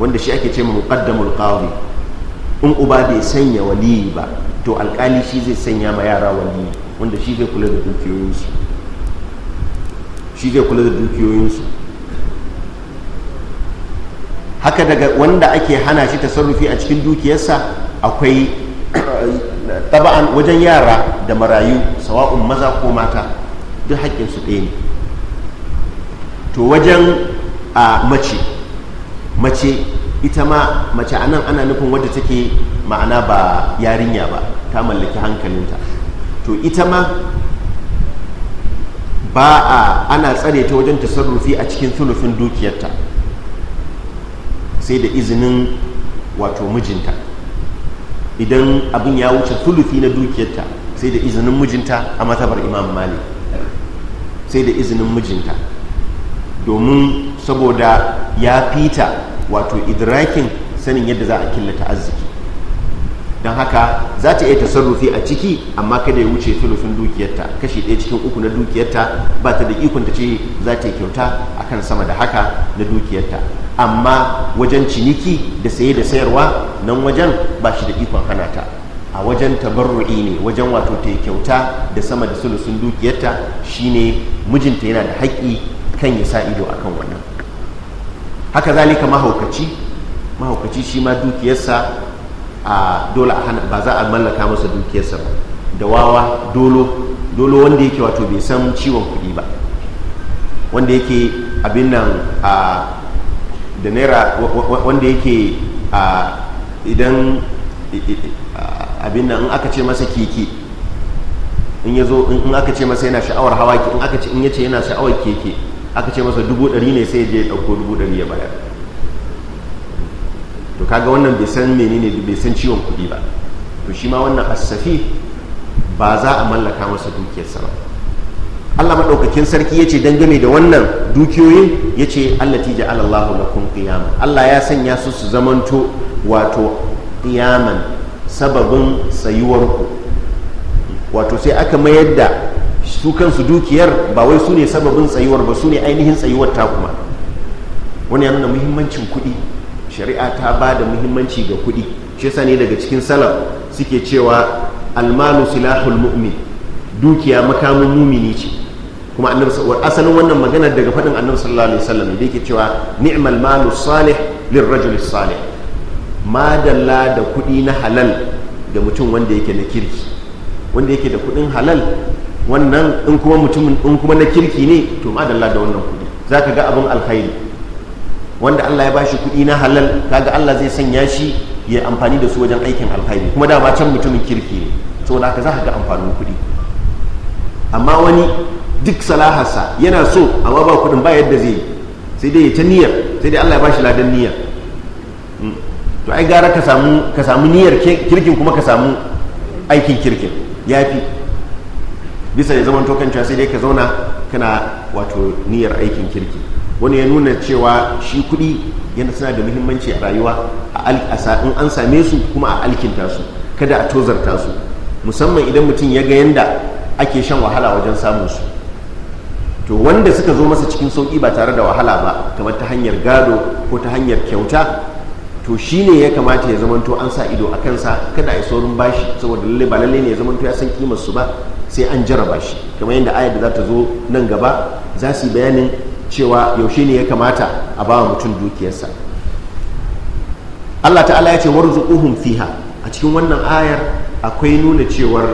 wanda shi ake ce ma muqaddamul qadi in uba bai sanya waliyi ba to alƙali shi zai sanya ma yara waliyi wanda shi zai kula da dukiyoyinsu shi zai kula da dukiyoyinsu haka daga wanda ake hana shi tasarrufi a cikin dukiyarsa akwai taba'an wajen yara da marayu sawa'un maza ko mata duk su ɗaya ne to wajen a mace mace ita ma mace anan ana nufin wadda take ma'ana ba yarinya ba ta mallaki hankalinta to ita ma ba a ana tsare ta wajen ta tasarrufi a cikin sulufin dukiyarta sai da izinin wato mijinta idan abin ya wuce tulufi na dukiyarta sai da izinin mijinta a matabar imam malik sai da izinin mijinta domin saboda ya fita wato idrakin sanin yadda za a killata arziki don haka za ta iya tasarrufi a ciki amma kada ya wuce tulufin dukiyarta kashi ɗaya cikin uku na dukiyarta ba ta da ikon ta ce za ta yi kyauta a kan sama da haka na dukiyarta amma wajen ciniki da saye da sayarwa nan wajen ba shi da ikon hana ta a wajen tabarru'i ne wajen wato ta kyauta da sama da sulusun dukiyarta shine mijinta yana da haƙƙi kan ya sa ido kan wannan haka zalika mahaukaci mahaukaci shi ma dukiyarsa a dole a ba za a mallaka masa dukiyarsa ba da wawa dolo dolo wanda yake wato bai san ciwon kuɗi ba wanda yake abin nan a da naira wanda yake a idan abin nan in aka ce masa keke in ya zo in aka ce masa yana sha'awar hawa in aka ce in ya ce yana sha'awar keke aka ce masa dubu ɗari ne sai ya je ɗauko dubu ɗari ya bayar to kaga wannan bai san ne bai san ciwon kuɗi ba to shi ma wannan asafi ba za a mallaka masa dukiyarsa ba Allah maɗaukakin sarki ya ce dangane da wannan dukiyoyin ya ce Allah tija alallahu lakum qiyama Allah ya sanya su su zamanto wato qiyaman sababin tsayuwarku wato sai aka mayar da su kansu dukiyar ba wai su ne sababin tsayuwar ba su ne ainihin tsayuwar takuma wani ya nuna muhimmancin kuɗi shari'a ta ba da muhimmanci ga kuɗi shi yasa ne daga cikin salaf suke cewa almalu silahul mu'min dukiya makamin mumini ce kuma annabi asalin wannan magana daga faɗin annabi sallallahu alaihi wasallam da yake cewa ni'mal malu salih lirrajul salih madalla da kuɗi na halal mutum wanda yake na kirki wanda yake da kuɗin halal wannan in kuma mutumin in kuma na kirki ne to madalla da wannan kuɗi zaka ga abin alkhairi wanda Allah ya bashi kuɗi na halal kaga Allah zai sanya shi ya amfani da su wajen aikin alkhairi kuma dama can mutumin kirki ne da haka za ka ga amfanin kuɗi amma wani duk salahasa yana so amma ba kudin ba yadda zai yi sai dai ya ta niyyar sai dai Allah ya bashi ladan niyyar hmm. to ai gara ka samu ka samu niyyar kirkin kuma ka samu aikin kirkin yafi bisa ya zama to kanta sai dai ka zauna kana wato niyyar aikin kirki wani ya nuna cewa shi kudi yana suna da muhimmanci a rayuwa in an same su kuma a alkinta su kada a tozarta su musamman idan mutum ya ga yanda ake shan wahala wajen samun su to wanda suka zo masa cikin sauki ba tare da wahala ba kamar ta hanyar gado ko ta hanyar kyauta to shi ne ya kamata ya zamanto an sa ido a kansa kada a yi saurin bashi saboda lalle ba lalle ne ya zamanto ya san kimar su ba sai an jaraba shi kamar yadda ayar da za ta zo nan gaba za su yi bayanin cewa yaushe ne ya kamata a ba wa mutum dukiyarsa Allah ta'ala ya ce warzuquhum fiha a cikin wannan ayar akwai nuna cewar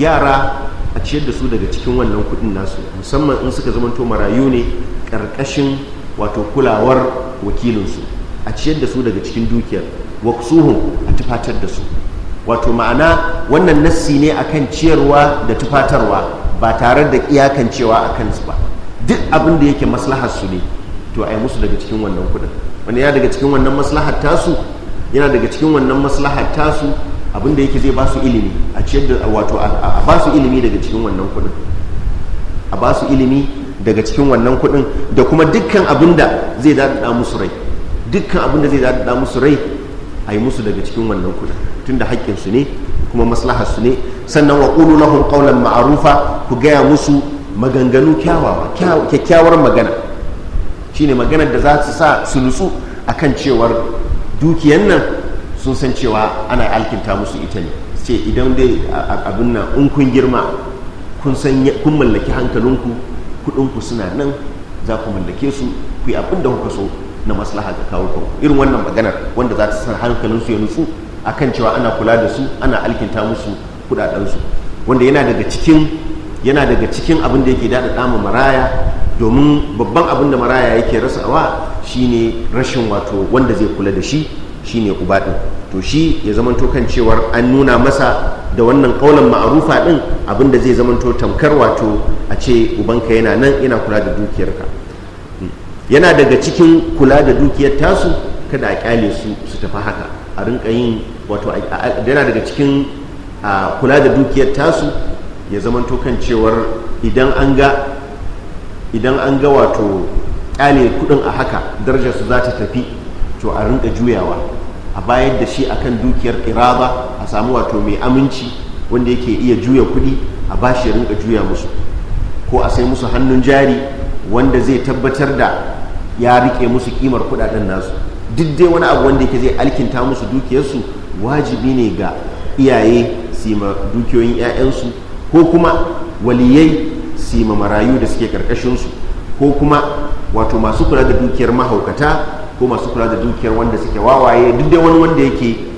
yara a ciyar da su daga cikin wannan kudin nasu musamman in suka zamanto marayu ne karkashin wato kulawar wakilinsu a ciyar da su daga cikin dukiyar waksuhun a tufatar da su wato ma'ana wannan nassi ne akan ciyarwa da tufatarwa ba tare da iyakancewa a kansu ba duk abin da yake maslahar su ne to a yi musu daga cikin wannan kudin wani ya daga cikin wannan maslahar tasu yana daga cikin wannan maslahar tasu abinda yake zai ba su ilimi a ciyar da wato a ba su ilimi daga cikin wannan kudin a ba su ilimi daga cikin wannan kudin da kuma dukkan abinda zai daɗaɗa musu rai dukkan abinda zai daɗaɗa musu rai a yi musu daga cikin wannan kudin da haƙƙinsu ne kuma maslaharsu ne sannan wa ƙulu lahum qawlan ma'arufa ku gaya musu maganganu kyawawa kyakkyawar magana shine maganar da za su sa su nutsu akan cewar dukiyan nan sun san cewa ana alkinta musu ita ne ce idan dai abin nan in kun girma kun san kun mallaki hankalinku kudinku suna nan za ku mallake su ku yi abin da kuka so na maslaha ga kawo kawo irin wannan maganar wanda za ta san hankalin su ya nutsu kan cewa ana kula da su ana alkinta musu kudadensu wanda yana daga cikin yana daga cikin abin da yake daɗa dama maraya domin babban abin da maraya yake rasawa shine rashin wato wanda zai kula da shi ne uba ɗin to shi ya zamanto kan cewar an nuna masa da wannan ƙaunar ma'arufa ɗin abinda zai zamanto tamkar wato a ce ubanka yana nan yana kula da dukiyarka yana daga cikin kula da dukiyar tasu kada a kyale su su tafi haka a rinka yin wato yana daga cikin kula da dukiyar tasu ya zamanto kan cewar idan an ga idan an ga wato kyale kudin a haka darajarsu su za ta tafi to a rinka juyawa a bayar da shi akan dukiyar iraba a samu wato mai aminci wanda yake iya juya kuɗi a bashi ya rinka juya musu ko a sai musu hannun jari wanda zai tabbatar da ya rike musu kimar kuɗaɗen nasu duk dai wani abu wanda yake zai alkinta musu dukiyarsu wajibi ne ga iyaye sima dukiyoyin 'ya'yansu ko kuma waliyai sima marayu da suke karkashinsu ko kuma wato masu kula da dukiyar mahaukata ko masu kula da dukiyar wanda suke wawaye duk dai wani wanda yake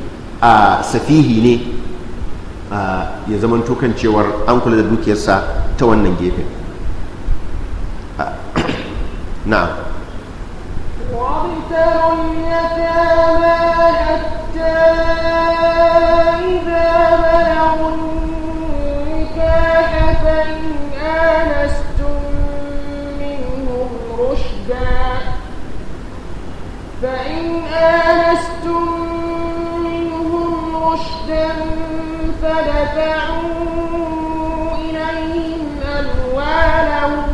a safihi ne ya zama tukan cewar an kula da dukiyarsa ta wannan gefe na'am آنستم منهم رشدا فدفعوا إليهم أموالهم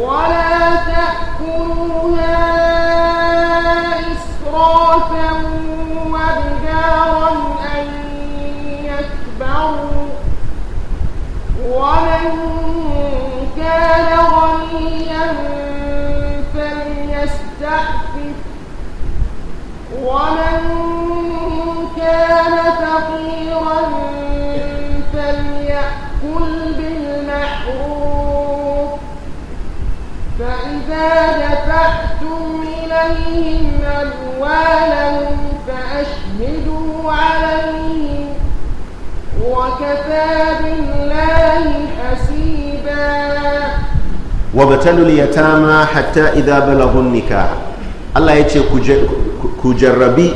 ولا تأكلوها إسرافا وبدارا أن يكبروا ومن كان غنيا فليستحق ومن كان فقيرا فليأكل فإذا دفعتم إليهم فأشهدوا وكفى بالله حسيبا وابتلوا اليتامى حتى إذا بلغوا النكاح الله يتشي ku jarrabi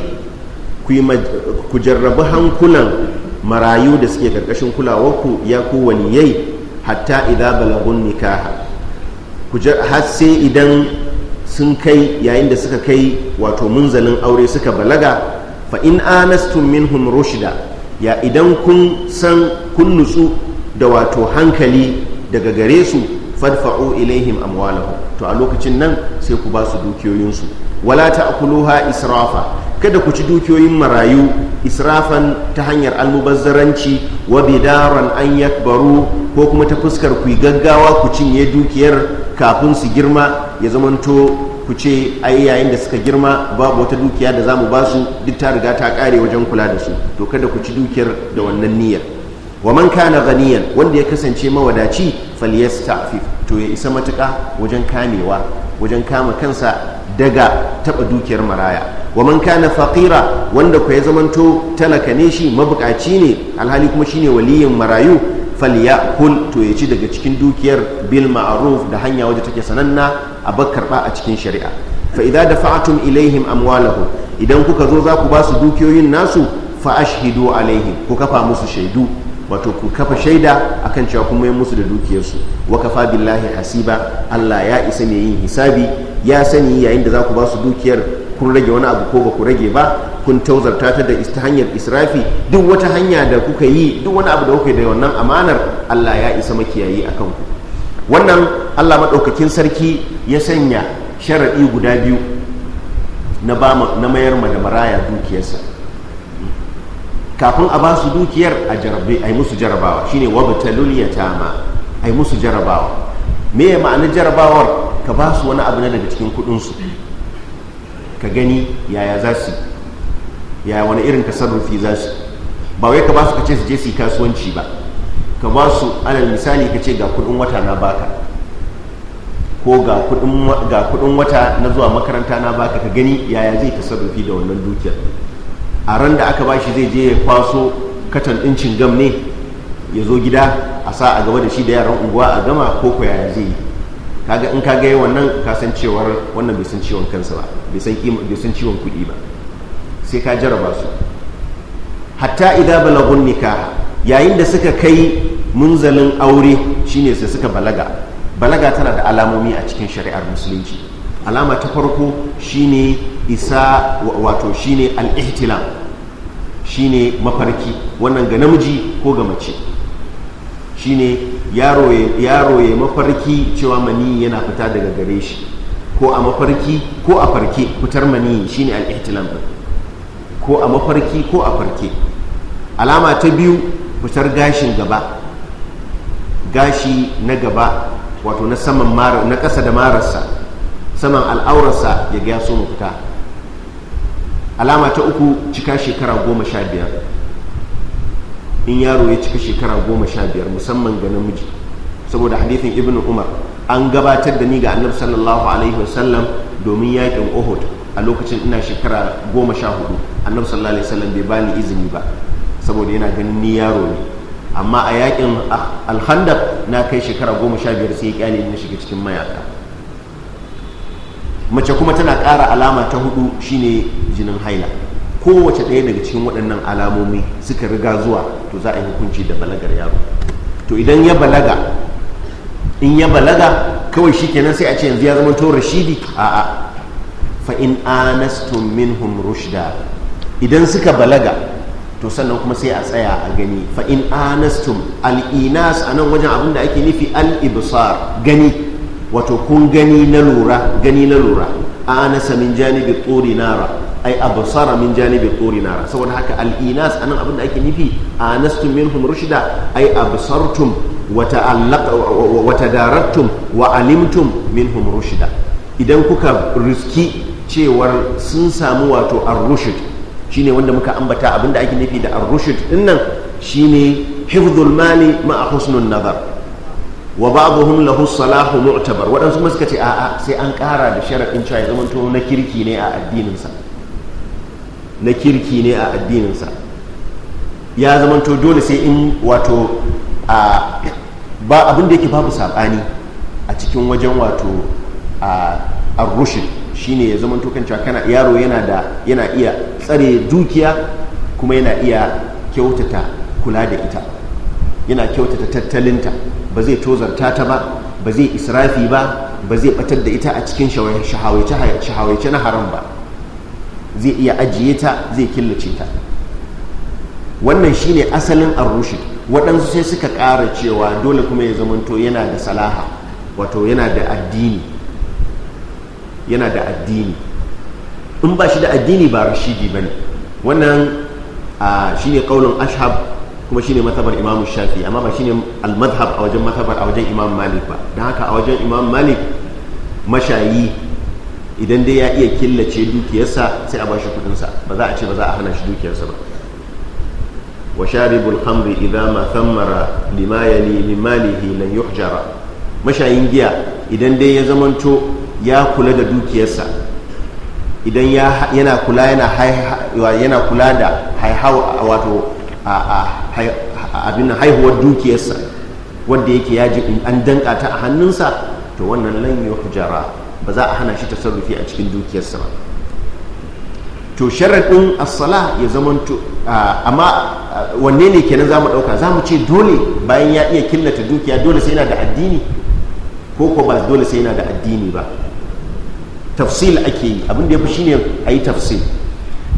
ku hankulan marayu da suke karkashin kulawarku ya ku yai hatta idza balagun nikaha ku har sai idan sun kai yayin da suka kai wato munzalin aure suka balaga fa in anastum minhum rushda ya idan kun san kun nutsu da wato hankali daga gare su fadfa'u ilaihim amwalahum to a lokacin nan sai ku ba su su wala ta'kuluha israfa kada ku ci dukiyoyin marayu israfan ta hanyar almubazzaranci wa bidaran an yakbaru ko kuma ta fuskar ku gaggawa ku cinye dukiyar kafin su girma ya zamanto ku ce ai yayin da suka girma babu wata dukiya da zamu mu ba su duk ta riga ta kare wajen kula da su to kada ku ci dukiyar da wannan niyyar wa man kana ganiyan wanda ya kasance mawadaci falyastafif to ya isa matuka wajen kamewa wajen kama kansa daga taba dukiyar maraya wa man kana faqira wanda ku ya zamanto talaka ne shi mabukaci ne alhali kuma shine waliyin marayu falyakul to ya ci daga cikin dukiyar bil ma'aruf da hanya wajen take sananna a ba a cikin shari'a fa idza dafa'tum ilaihim amwalahum idan kuka zo za ku ba su dukiyoyin nasu fa ashhidu alaihim ku kafa musu shaidu wato ku kafa shaida akan cewa kuma yin musu da dukiyarsu wa kafa billahi hasiba Allah ya isa ne yin hisabi ya sani yayin da za ku ba su dukiyar kun rage wani abu ko ba ku rage ba kun tauzarta ta da ta hanyar israfi duk wata hanya da kuka yi duk wani abu da kuka yi da wannan amanar Allah ya isa makiyayi a ku wannan Allah maɗaukakin sarki ya sanya sharaɗi guda biyu na mayar ma da maraya dukiyarsa kafin a ba su dukiyar a jarabe ai musu jarabawa shine wabtalul yatama ai musu jarabawa me ya ma'ana jarabawar ka ba su wani abu na daga cikin kudin su ka gani yaya za su yaya wani irin tasarrufi za su ba wai ka ba su ka ce su je su yi kasuwanci ba ka ba su alal misali ka ce ga kudin wata na baka ko ga kudin wata na zuwa makaranta na baka ka gani yaya zai tasarrufi da wannan dukiyar a ran da aka bashi zai je ya kwaso katan ɗincin gam ne ya zo gida a sa a gaba da shi da yaran unguwa a gama ko kwaya ya zai yi kaga in kaga yi wannan ka san cewar wannan bai san ciwon kansa ba bai san ciwon kuɗi ba sai ka jaraba su hatta idan balagun nika yayin da suka kai munzalin aure shine sai suka balaga balaga tana da alamomi a cikin shari'ar musulunci alama ta farko shine isa wato shine al-ihtilam shine mafarki wannan ga namiji ko ga mace shine yaro ya mafarki cewa mani yana fita daga gare shi ko a mafarki ko a farke fitar mani shine al-ihtilam ko a mafarki ko a farke alama ta biyu fitar gashin gaba gashi na gaba wato na saman na kasa da mararsa saman al'aurarsa ya ga ya so mu fita alama ta uku cika shekara goma sha biyar in yaro ya cika shekara goma sha biyar musamman ga namiji saboda hadithin ibn umar an gabatar da ni ga annabi sallallahu alaihi wasallam domin yakin uhud a lokacin ina shekara goma sha hudu annabi sallallahu alaihi wasallam bai bani izini ba saboda yana ganin ni yaro ne amma a yakin alhandar na kai shekara goma sha biyar sai ya kyale na shiga cikin mayaka mace kuma tana kara alama ta hudu shine jinin haila kowace ɗaya daga cikin waɗannan alamomi suka riga zuwa to za a yi hukunci da balagar yaro to idan ya balaga in ya balaga kawai shi kenan sai a ce yanzu ya zama to rashidi a'a fa in anastum minhum rushda idan suka balaga to sannan kuma sai a tsaya a gani fa in anastum al-inas anan wajen abin da ake nufi al gani wato kun gani na lura gani na lura a anasa min janibi tsori nara ai absara min janibi tsori nara saboda haka al'inas anan abin da ake nufi a min minhum rushida ai absartum wa ta'allaqtum wa alimtum minhum rushida idan kuka riski cewar sun samu wato ar-rushd shine wanda muka ambata abin da ake nufi da ar-rushd dinnan shine hifdhul mali ma'a husnun nazar wa ba'dhum lahu salahu mu'tabar waɗansu kuma suka ce a'a sai an kara da sharaɗin cewa ya to na kirki ne a addininsa na kirki ne a addininsa ya to dole sai in wato a ba abin yake babu saɓani a cikin wajen wato a shine ya to kan cewa kana yaro yana da yana iya tsare dukiya kuma yana iya kyautata kula da ita yana kyautata tattalinta ba zai tozarta ta ba ba zai israfi ba ba zai batar da ita a cikin shahawaice na haram ba zai iya ajiye ta zai killace ta wannan shine asalin arushi. waɗansu sai suka ƙara cewa dole kuma ya zamanto yana da salaha wato yana da addini yana da addini in ba shi da addini ba rashidi ba ne wannan shine ƙaunin ashab kuma shine mazhabar imamu shafi amma ba shine al-madhhab a wajen mazhabar a wajen imam malik ba dan haka a wajen imam malik mashayi idan dai ya iya killace dukiyarsa sai a bashi kudinsa ba za a ce ba za a hana shi dukiyarsa ba wa sharibul khamri idza ma thammara lima yali min malihi lan yuhjara mashayin giya idan dai ya zamanto ya kula da dukiyarsa idan yana kula yana yana kula da haihawa wato abin haihuwar dukiyarsa wadda yake yaji an danka ta a hannunsa to wannan lanyo yuhjara ba za a hana shi tasarrufi a cikin dukiyarsa ba to sharaɗin asala ya zamanto amma wanne ne kenan za mu ɗauka za mu ce dole bayan ya iya killata dukiya dole sai yana da addini ko ko ba dole sai yana da addini ba tafsil ake yi abin da ya fi shine a yi tafsil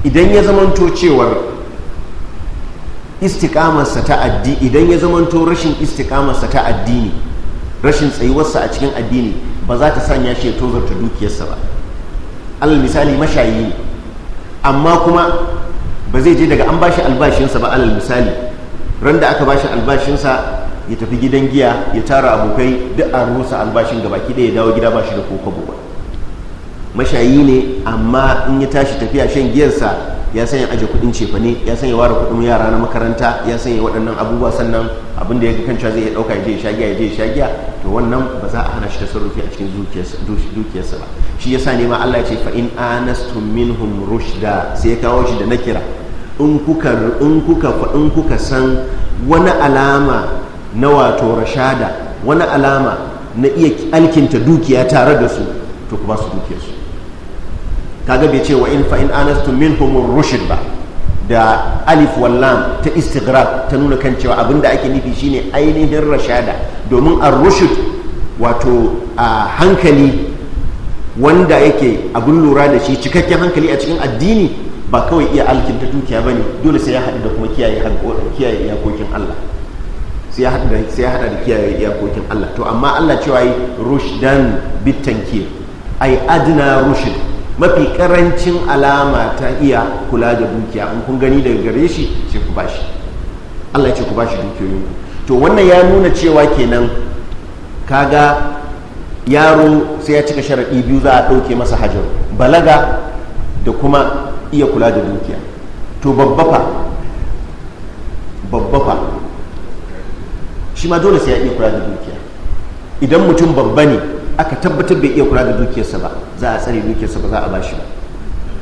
idan ya zamanto cewar istiƙamarsa ta addini idan ya zamanto rashin istiƙamarsa ta addini rashin tsayuwarsa a cikin addini ba za ta sanya shi ya tozarta dukiyarsa ba alal misali mashayi ne amma kuma ba zai je daga an bashi albashinsa ba alal misali ran da aka bashi albashinsa ya tafi gidan giya ya tara abokai duk an rusa albashin gaba ki ya dawo gida ba shi da ko ba mashayi ne amma in ya tashi tafiya shan giyarsa ya sanya aje kudin cefane ya sanya ware kudin yara na makaranta ya sanya waɗannan abubuwa sannan abin da ya kan cewa zai ɗauka ya je shagiya ya je shagiya to wannan ba za a hana shi tasarrufi a cikin dukiyarsa ba shi yasa ne ma Allah ya ce fa in anastum minhum rushda sai ya kawo shi da nakira in kuka in kuka in kuka san wani alama na wato rashada wani alama na iya alkinta dukiya tare da su to ku ba su dukiyarsu kaga bai ce wa in fa in anastum minhum rushd ba da alif wallam ta istighraq ta nuna kan cewa abinda ake nufi shine ainihin rashada domin ar-rushd wato a hankali wanda yake abin lura da shi cikakken hankali a cikin addini ba kawai iya ta dukiya ba ne dole sai ya haɗu da kuma kiyaye iyakokin Allah sai ya haɗa da kiyaye iyakokin Allah to amma Allah cewa yi rushdan bitankir ai adna rushd mafi karancin alama ta iya kula da dukiya in kun gani daga gare shi sai ku bashi Allah ya ce ku bashi dukiyoyin to wannan ya nuna cewa kenan kaga yaro sai ya cika sharaɗi biyu za a ɗauke masa hajar balaga da kuma iya kula da dukiya to babbafa babbafa shi ma dole sai ya iya kula da dukiya idan mutum babba ne aka tabbatar bai iya kula da dukiyarsa ba za a tsare dukiyarsa ba za a bashi ba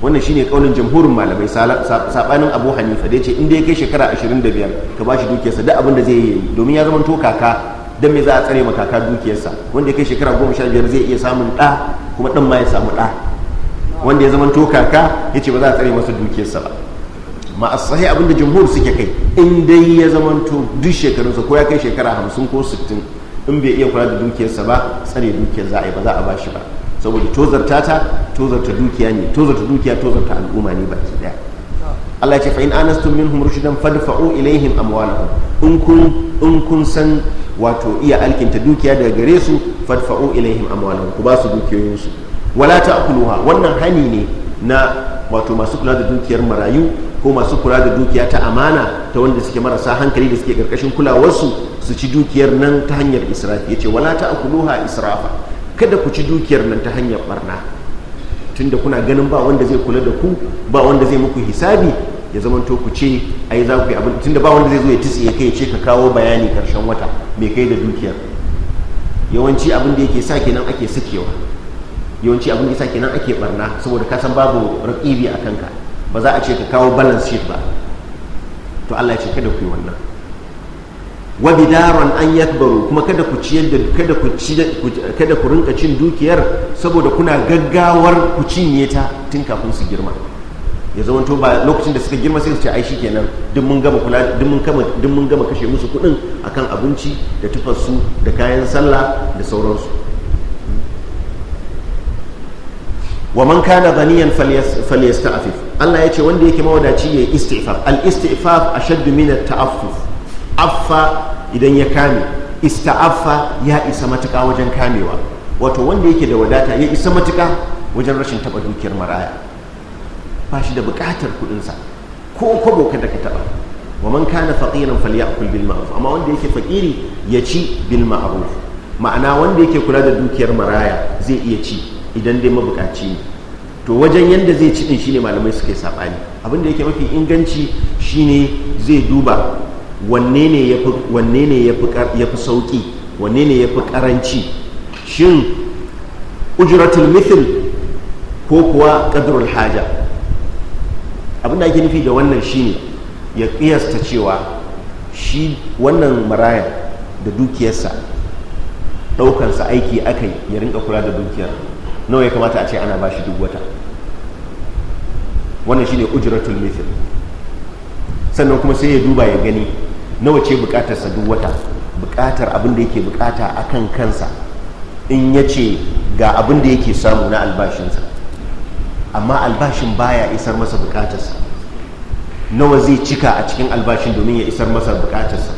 wannan shine kaunin jamhurin malamai sabanin abu hanifa da ya ce inda ya kai shekara 25 ka bashi dukiyarsa da abin da zai yi domin ya zama to kaka dan me za a tsare makaka dukiyarsa wanda ya kai shekara goma sha biyar zai iya samun da kuma dan ma ya samu da wanda ya zamanto kaka ya ce ba za a tsare masa dukiyarsa ba ma a sahi abinda jamhur suke kai in dai ya to duk shekarunsa ko ya kai shekara hamsin ko sittin in bai iya kula da dukiyarsa ba tsare dukiyar za a yi ba za a ba shi ba saboda tozarta ta tozarta dukiya ne tozarta dukiya tozarta al'umma ne baki daya Allah ya ce fa in anastum minhum rushdan fadfa'u ilaihim amwalahum in kun in kun san wato iya alkinta dukiya daga gare su fadfa'u ilaihim amwalahum ku ba su dukiyoyinsu wala ta'kuluha wannan hani ne na wato masu kula da dukiyar marayu ko masu kula da dukiya ta amana ta wanda suke marasa hankali da suke karkashin kulawarsu su ci dukiyar nan ta hanyar israfi ya ce wala ta akuluha israfa kada ku ci dukiyar nan ta hanyar barna tunda kuna ganin ba wanda zai kula da ku ba wanda zai muku hisabi ya zama to ku ce ai za ku yi abin tunda ba wanda zai zo ya tisi ya kai ce ka kawo bayani karshen wata mai kai da dukiyar yawanci abin da yake sa kenan ake sakewa yawanci abin da yasa kenan ake barna saboda ka san babu raqibi a kanka ba za a ce ka kawo balance sheet ba to Allah ya ce kada ku yi wannan wa daron an yakbaru kuma kada ku ciyar da kada ku rinka cin dukiyar saboda kuna gaggawar ku cinye ta tun kafin su girma ya zama to ba lokacin da suka girma sai su ce ai shikenan duk mun gama kashe musu kuɗin akan abinci da tufarsu da kayan sallah da sauransu wa man kana ghaniyan falyasta'fif Allah ya ce wanda yake mawadaci ya istifaf al istifaf ashaddu min at ta'affuf affa idan ya kame ista'affa ya isa matuka wajen kamewa wato wanda yake da wadata ya isa matuka wajen rashin taba dukiyar maraya ba shi da bukatar kuɗinsa, ko kwabo kada ka taba wa man kana faqiran falyakul bil ma'ruf amma wanda yake faƙiri ya ci bil ma'ruf ma'ana wanda yake kula da dukiyar maraya zai iya ci idan dai mabukaci ne to wajen yanda zai ci din shine malamai suka yi sabani abin da yake mafi inganci shine zai duba wanne ne ya fi sauƙi wanne ne ya fi ƙaranci shin ujratul mithil ko kuwa ƙadrul haja abinda ake nufi da wannan shine ya ƙiyasta cewa shi wannan marayan da dukiyarsa ɗaukansa aiki aka yi ya rinka kula da dukiyar nawa ya kamata a ce ana ba shi duk wata wannan shine ujratul mithil sannan kuma sai ya duba ya gani nawa ce bukatarsa duk wata bukatar abin da yake bukata a kansa in ya ce ga abin da yake samu na albashinsa amma albashin baya isar masa bukatarsa nawa zai cika a cikin albashin domin ya isar masa bukatarsa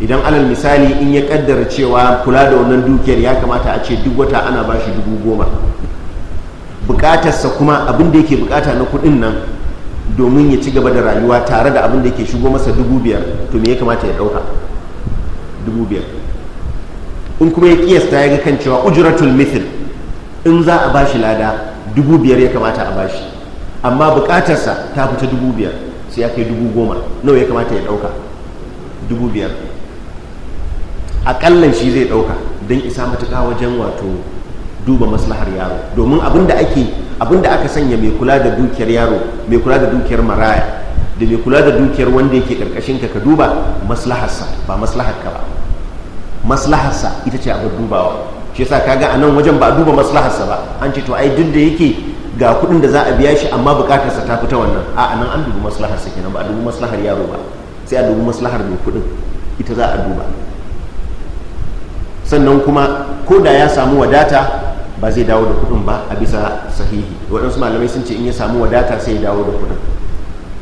idan alal misali in ya kaddara cewa kula da wannan dukiyar ya kamata a ce duk wata ana bashi dubu goma bukatarsa kuma abin da yake bukata na kudin nan domin ya ci gaba da rayuwa tare da abin da ke shigo masa dubu biyar to me ya kamata ya ɗauka dubu biyar in kuma ya kiyasta ya ga kan cewa ujratul mithil in za a bashi lada dubu biyar ya kamata a bashi amma buƙatarsa ta fita dubu biyar sai ya kai dubu goma nawa ya kamata ya ɗauka dubu biyar aƙallan shi zai ɗauka don isa matuƙa wajen wato duba maslahar yaro domin abin da ake da aka sanya mai kula da dukiyar yaro mai kula da dukiyar maraya da mai kula da dukiyar wanda yake karkashin ka ka duba maslaharsa ba maslahar ka ba maslaharsa ita ce abin dubawa shi yasa kaga a nan wajen ba a duba maslaharsa ba an ce to ai duk da yake ga kuɗin da za a biya shi amma bukatarsa ta fita wannan a nan an dubi maslaharsa kenan ba a dubi maslahar yaro ba sai a dubi maslahar mai kuɗin ita za a duba sannan kuma ko da ya samu wadata ba zai dawo da kudin ba a bisa sahihi waɗansu malamai sun ce in ya samu wadata sai ya dawo da kudin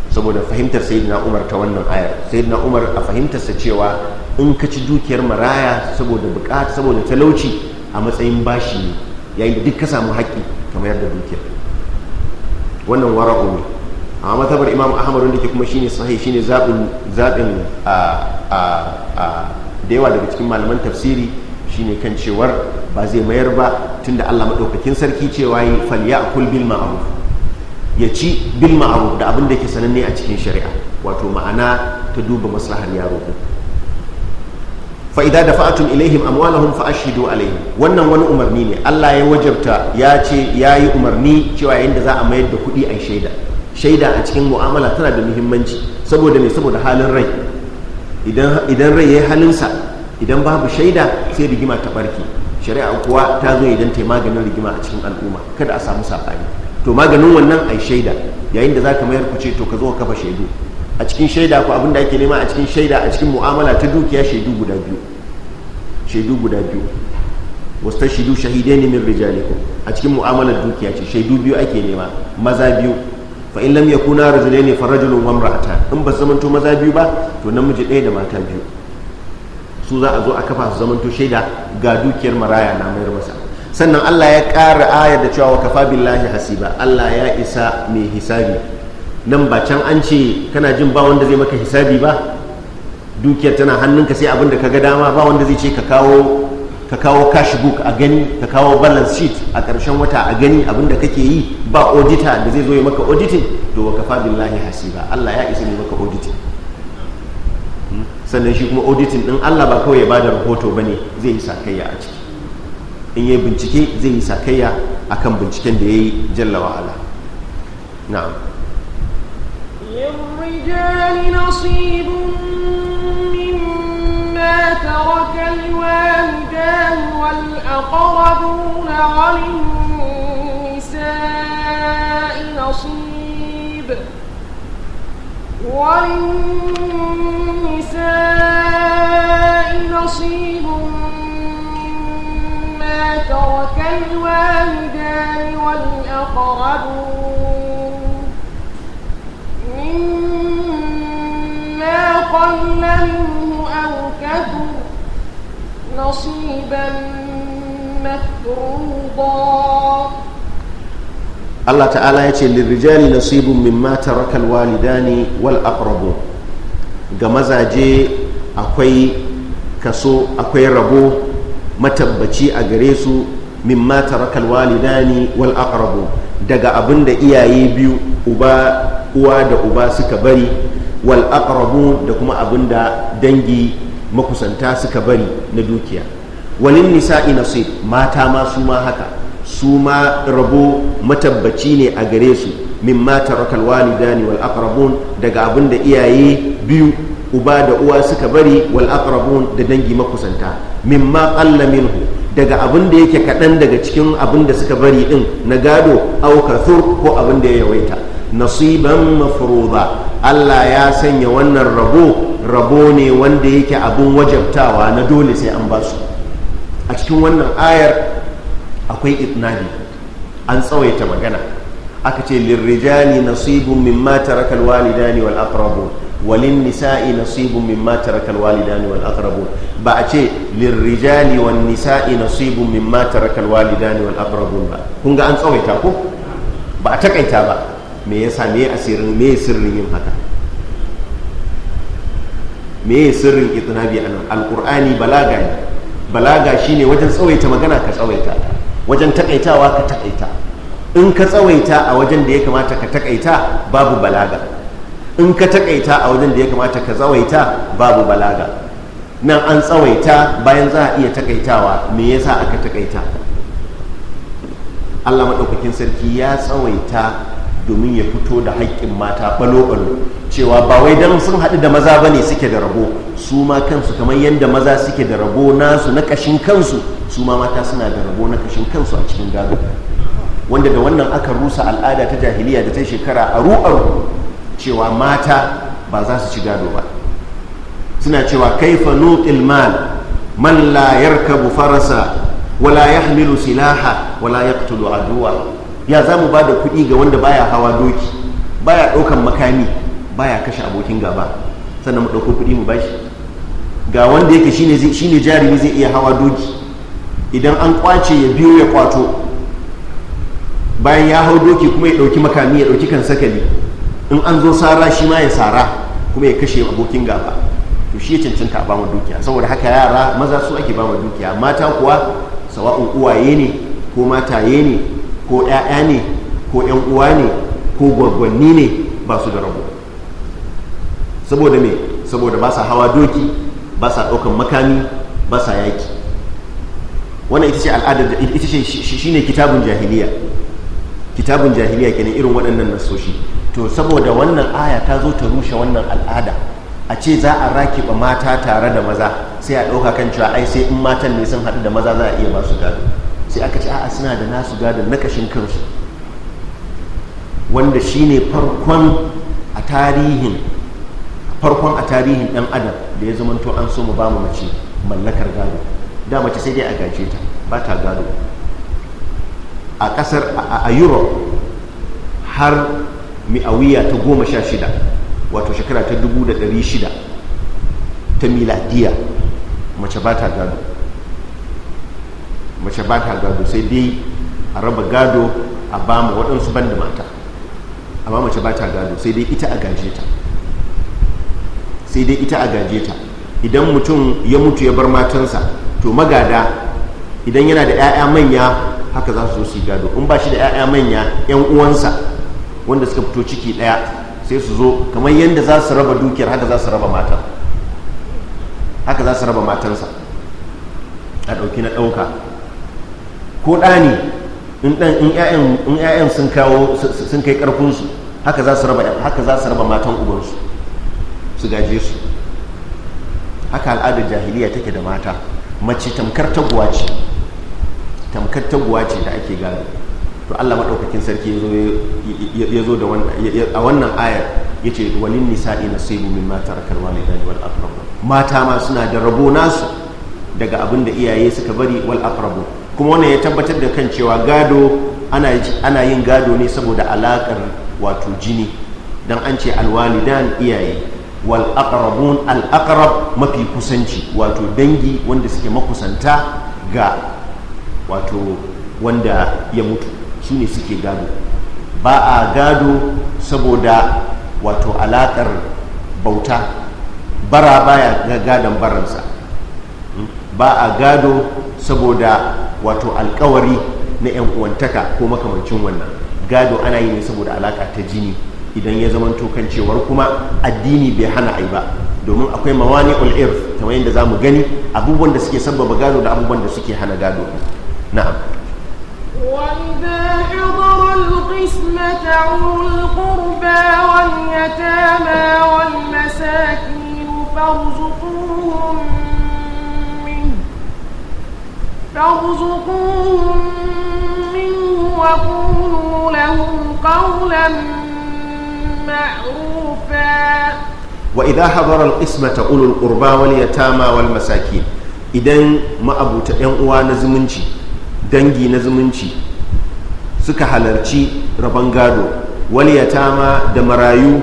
saboda fahimtar na umar ta wannan ayar na umar a fahimtarsa cewa in ka ci dukiyar maraya saboda bukata saboda talauci a matsayin bashi ne yayin da duk ka samu haƙƙi mayar da dukiyar wannan wara'u ne amma matabar imam ahmad wanda ke kuma shine sahi shine zaɓin zaɓin a da yawa daga cikin malaman tafsiri shine kan cewar ba zai mayar ba tunda Allah madaukakin sarki cewa yi falyakul bil ma'ruf ya ci bil ma'ruf da abin da yake sananne a cikin shari'a wato ma'ana ta duba maslahar yaro fa da dafa'tum ilaihim amwalahum fa ashhidu alaihim wannan wani umarni ne Allah ya wajabta ya ce ya yi umarni cewa yanda za a mayar da kuɗi a shaida shaida a cikin mu'amala tana da muhimmanci saboda me saboda halin rai idan rai ya yi halinsa idan babu shaida sai rigima ta barke shari'a kuwa ta zo idan ta yi maganin rigima a cikin al'umma kada a samu saɓani to maganin wannan ai shaida yayin da za ka mayar kuce to ka zo kafa shaidu a cikin shaida ku abin da ake nema a cikin shaida a cikin mu'amala ta dukiya shaidu guda biyu shaidu guda biyu wasta shaidu shahidai ne min rijalikum a cikin mu'amalar dukiya ce shaidu biyu ake nema maza biyu fa in lam yakuna rajulaini fa rajulun wa imra'atan in ba zamanto maza biyu ba to namiji ɗaya da mata biyu su za a zo a kafa su zamanto shaida ga dukiyar maraya na mayar masa sannan Allah ya ƙara ayar da cewa wa kafa billahi hasiba Allah ya isa mai hisabi nan ba can an ce kana jin ba wanda zai maka hisabi ba dukiyar tana hannunka sai abin da ka ga dama ba wanda zai ce ka kawo ka kawo cash book a gani ka kawo balance sheet a ƙarshen wata a gani abin da kake yi ba auditor da zai zo ya maka auditing to wa kafa billahi hasiba Allah ya isa mai maka auditing sannan shi kuma auditing din Allah ba kawai ya ba da rahoto ba ne zai yi sakayya a ciki in yi bincike zai yi sakayya a kan binciken da ya yi jalla wa'ala na'am للرجال نصيب وللنساء نصيب مما ترك الوالدان والأقربون مما قل منه أو كثر نصيبا مفروضا Allah ta'ala ya ce min nasibun mimma walida ne wal aqrabu ga mazaje akwai kaso akwai rabo matabbaci a gare su min mimma walida ne wal aqrabu daga abin da iyaye biyu uba uwa da uba suka bari wal aqrabu da kuma abin da dangi makusanta suka bari na dukiya walin nisa'i nasib mata ma su ma haka su ma rabo matabbaci ne a gare su mimma tarakal walidani wal aqrabun daga abin da iyaye biyu uba da uwa suka bari wal aqrabun da dangi makusanta min mimma qalla minhu daga abin da yake kaɗan daga cikin abin da suka bari din na gado au ko abin da ya yawaita nasiban mafruḍa Allah ya sanya wannan rabo rabo ne wanda yake abin wajabtawa na dole sai an basu a cikin wannan ayar akwai itnadi an tsawaita magana aka ce lirrijali nasibun mata rakal alwalidani wal aqrabun walin nisa'i nasibun mata rakal alwalidani wal aqrabun ba a ce lirrijali wan nisa'i nasibun mata rakal alwalidani wal aqrabun ba kun ga an tsawaita ko ba a takaita ba me yasa me asirin me sirrin yin haka me sirrin itnabi anan alqur'ani balaga ne balaga shine wajen tsawaita magana ka tsawaita wajen takaitawa ka takaita in ka tsawaita a wajen da ya kamata ka takaita babu balaga in ka takaita a wajen da ya kamata ka tsawaita babu balaga nan an tsawaita bayan za a iya takaitawa me yasa aka takaita Allah maɗaukakin sarki ya tsawaita domin ya fito da haƙƙin mata ɓalo-ɓalo cewa ba wai don sun haɗu da maza ba ne suke da rabo su ma kansu kamar yadda maza suke da rabo nasu na ƙashin kansu su ma mata suna da rabo na kashin kansu a cikin gado wanda da wannan aka rusa al'ada ta jahiliya da ta shekara a ru'ar cewa mata ba za su ci gado ba suna cewa kaifa nuqil mal man la yarkabu farasa wala yahmilu silaha wala yaqtulu aduwa ya za mu ba da kuɗi ga wanda baya hawa doki baya ɗaukan makami baya kashe abokin gaba sannan mu ɗauko kuɗi mu bashi ga wanda yake shine shine jarumi zai iya hawa doki idan an kwace ya biyo ya kwato bayan ya hau doki kuma ya ɗauki makami ya ɗauki kan sakali in an zo sara shi ma ya sara kuma ya kashe abokin gaba to shi ya cancanta a bama dukiya saboda haka yara maza su ake bama dukiya mata kuwa sawa'un uwaye ne ko mataye ne ko 'ya'ya ne ko 'yan uwa ne ko gwaggwanni ne ba su da rabo saboda me saboda ba sa hawa doki ba sa ɗaukan makami ba sa yaki wannan ita ce al'adar ita ce shine kitabun jahiliya kitabun jahiliya kenan irin waɗannan nasoshi to saboda wannan aya ta zo ta rushe wannan al'ada a ce za a raki ba mata tare da maza sai a ɗauka kan cewa ai sai in matan ne sun haɗu da maza za a iya ba gado sai aka ce a'a suna da nasu gadon na kashin kansu wanda shine farkon a tarihin farkon a tarihin ɗan adam da ya zama to an so mu ba mu mace mallakar gado da mace sai dai a gaje ta ba ta gado a kasar a europe har mi'awiya ta goma sha shida wato shekara ta dubu da dari shida ta miladiya mace ba ta gado mace ba ta gado sai dai a raba gado a ba mu waɗansu ban da mata amma mace ba ta gado sai dai ita a gaje ta sai dai ita a gaje ta idan mutum ya mutu ya bar matansa to magada idan yana da 'ya'ya manya haka za su zo su gado in ba shi da 'ya'ya manya 'yan uwansa wanda suka fito ciki ɗaya sai su zo kamar yadda za su raba dukiyar haka za su raba matan haka za su raba matansa a ɗauki na ɗauka ko ɗani in ɗan in 'ya'yan sun kawo sun kai ƙarfinsu haka za su raba haka za su raba matan ubansu su gaje su haka al'adar jahiliya take da mata mace tamkar taguwa ce tamkar taguwa ce da ake gado to Allah maɗaukakin sarki ya zo a wannan ayar ya ce walin nisa'i na sai bumin mata a wal akrabu mata ma suna da rabo nasu daga abin da iyaye suka bari wal kuma wannan ya tabbatar da kan cewa gado ana yin gado ne saboda alakar wato jini dan an ce alwalidan iyaye wal aqrabun al mafi kusanci wato dangi wanda suke makusanta ga wato wanda ya mutu su ne suke gado ba a gado saboda wato alaƙar bauta bara baya ga gadon baransa hmm? ba a gado saboda wato alkawari na 'yan uwantaka ko makamancin wannan gado ana yi ne saboda alaƙa ta jini idan ya zama tokan cewar kuma addini bai hana ai ba domin akwai mawani ul'irf wayan da za mu gani abubuwan da suke sabbaba gado da abubuwan da suke hana gado na'am فارزقوهم منه وقولوا لهم قولا معروفا وإذا حضر القسمة أولو القربى واليتامى والمساكين إذن ما أبو zumunci نزمنشي دنجي نزمنشي suka halarci rabon gado tama da marayu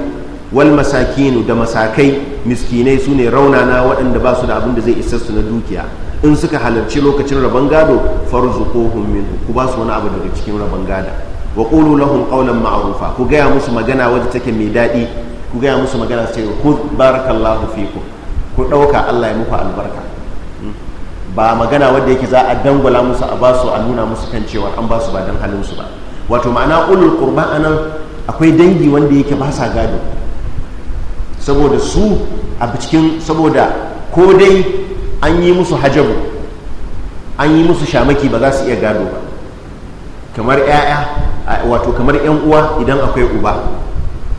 wal masakinu da masakai miskinai su ne raunana waɗanda ba su da abin da zai isa su na dukiya in suka halarci lokacin rabon gado farzuquhum minhu ku ba su wani abu daga cikin rabon gada wa qulu lahum qawlan ma'rufa ku gaya musu magana wadda take mai daɗi ku gaya musu magana su ce ku barakallahu fikum ku ɗauka Allah ya muku albarka ba magana wadda yake za a dangwala musu a ba su a nuna musu kan cewa an ba su ba don halin su ba wato ma'ana ulul qurba nan akwai dangi wanda yake ba sa gado saboda su a cikin saboda ko dai an yi musu hajabu an yi musu shamaki ba za su iya gado ba kamar 'ya'ya wato kamar yan uwa idan akwai uba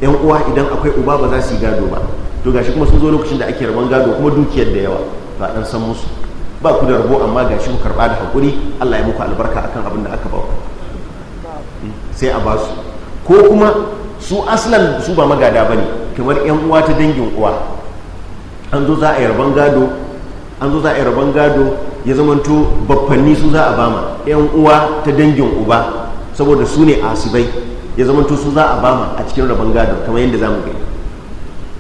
yan uwa idan akwai uba ba za su yi gado ba to gashi kuma sun zo lokacin da ake rabon gado kuma dukiyar da yawa ba dan san musu ba ku da rabo amma gashi ku karba da hakuri Allah ya muku albarka akan abin da aka ba hmm, sai a ba su ko kuma su aslan su ba magada bane kamar yan uwa ta dangin uwa an zo za a yi rabon gado an zo za a yi rabon gado ya zamanto baffanni su za a bama yan uwa ta dangin uba saboda su ne asibai ya zama to su za a bama a cikin rabon gado kamar yadda za mu gani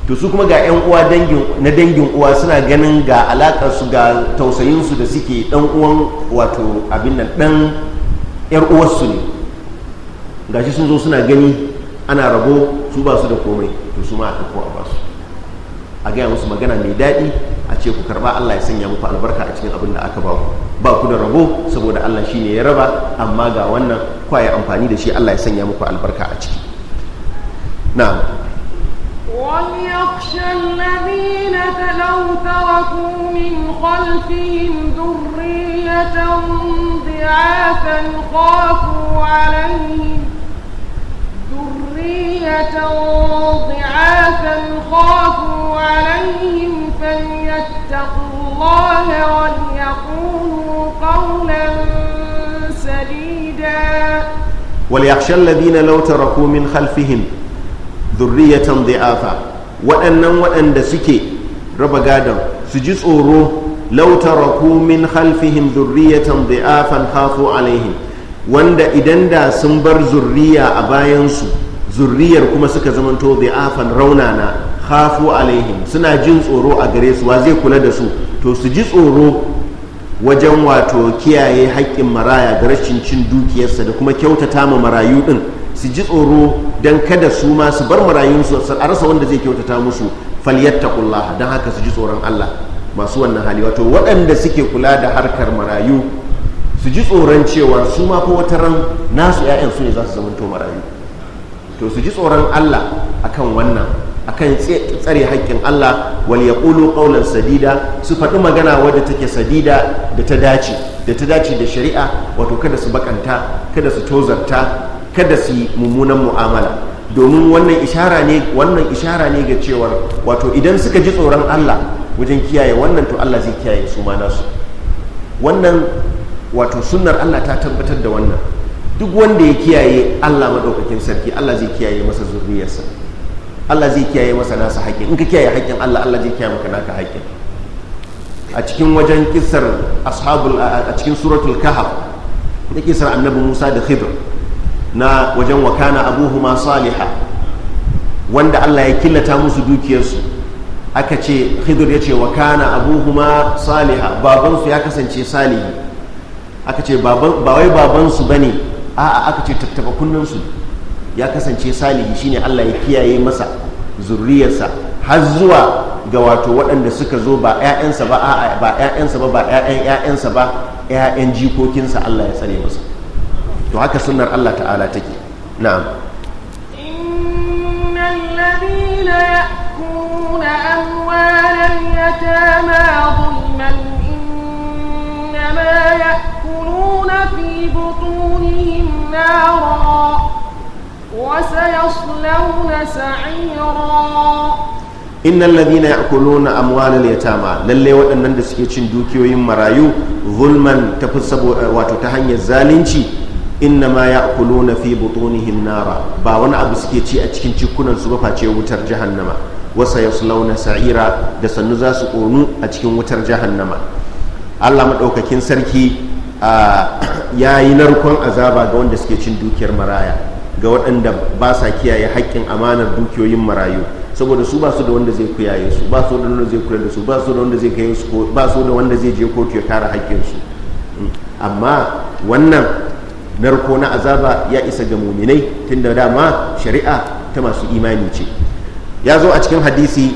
to su kuma ga 'yan uwa na dangin uwa suna ganin ga alakar su ga tausayin su da suke dan uwan wato abin nan dan yar uwarsu ne gashi sun zo suna gani ana rabo su ba su da komai to su ma a ko a su a gaya musu magana mai daɗi ce ku karba Allah ya sanya muku albarka a cikin abin da aka ba ku ba ku da rabo saboda Allah shi ne ya raba amma ga wannan kwaye amfani da shi Allah ya sanya muku albarka a ciki na'am وليخشى الذين لو تركوا من خلفهم ذرية ضعافا خافوا عليهم ذرية ضعافا خافوا عليهم فليتقوا الله وليقولوا قولا سديدا وليخشى الذين لو تركوا من خلفهم ذرية ضعافا waɗannan waɗanda suke raba gadon su ji tsoro lautara ku min khalfihim zurriyatan dhi'afan khafu alaihim wanda idan da sun bar zurriya a bayansu zurriyar kuma suka zamanto da'afan raunana khafu alaihim suna jin tsoro a gare su wa zai kula da su to su ji tsoro wajen wato kiyaye haƙƙin maraya da rashin cin dukiyarsa da kuma kyautata ma marayu ɗin su ji tsoro don kada su ma su bar marayunsu a rasa wanda zai kyautata musu falyattakullah don haka su ji tsoron Allah masu wannan hali wato waɗanda suke kula da harkar marayu su ji tsoron cewa su ma ko wata ran nasu 'ya'yan su ne za su to marayu to su ji tsoron Allah akan wannan akan tsare haƙƙin Allah wal yaqulu ƙaunar sadida su faɗi magana wadda take sadida da ta dace da ta dace da shari'a wato kada su bakanta kada su tozarta kada su mummunan mu'amala domin wannan ishara ne wannan ishara ne ga cewar wato idan suka ji tsoron Allah wajen kiyaye wannan to Allah zai kiyaye su ma nasu wannan wato sunnar Allah ta tabbatar da wannan duk wanda ya kiyaye Allah madaukakin sarki Allah zai kiyaye masa zurriyarsa Allah zai kiyaye masa nasa haƙƙin in ka kiyaye haƙƙin Allah Allah zai kiyaye maka naka haƙƙin a cikin wajen kisar ashabul a cikin suratul kahf da kisar annabi Musa da Khidr na wajen wakana abuhuma saliha wanda Allah ya killata musu dukiyarsu aka ce Khidr ya ce wakana abuhuma saliha su ya kasance salihi aka ce ba wai babansu bane a'a aka ce tattaba su ya kasance salihi shine Allah ya kiyaye masa zurriyarsa har zuwa ga wato waɗanda suka zo ba 'ya'yansa ba ba 'ya'yansa ba ba 'ya'yan 'ya'yansa ba 'ya'yan jikokinsa Allah ya tsare masa to haka sunnar Allah ta'ala take na'am innal ladina ya'kuluna amwalan yatama zulman innama ya'kuluna fi butunihim nara Wasu yaushe na zina ya'akullo na amun ya ta ma, lalle waɗannan da suke cin dukiyoyin marayu, Volman, ta fita wato ta hanyar zalunci. In nama ya'akullo na fi buɗonin hinnawa, ba wani abu suke ci a cikin cikunan su ba face wutar jahannama. Wasu yaushe launin sa'ira da sannu za su ƙone a cikin wutar jahannama. Allah maɗaukakin sarki ya yi na azaba ga wanda suke cin dukiyar maraya. ga waɗanda ba sa kiyaye haƙƙin amanar dukiyoyin marayu saboda su ba su da wanda zai kuyaye su ba su da wanda zai kula da su ba su da wanda zai kai su ba su da wanda zai je kotu ya kare haƙƙin su mm. amma wannan narko na azaba ya isa ga muminai da dama shari'a ta masu imani ce ya zo a cikin hadisi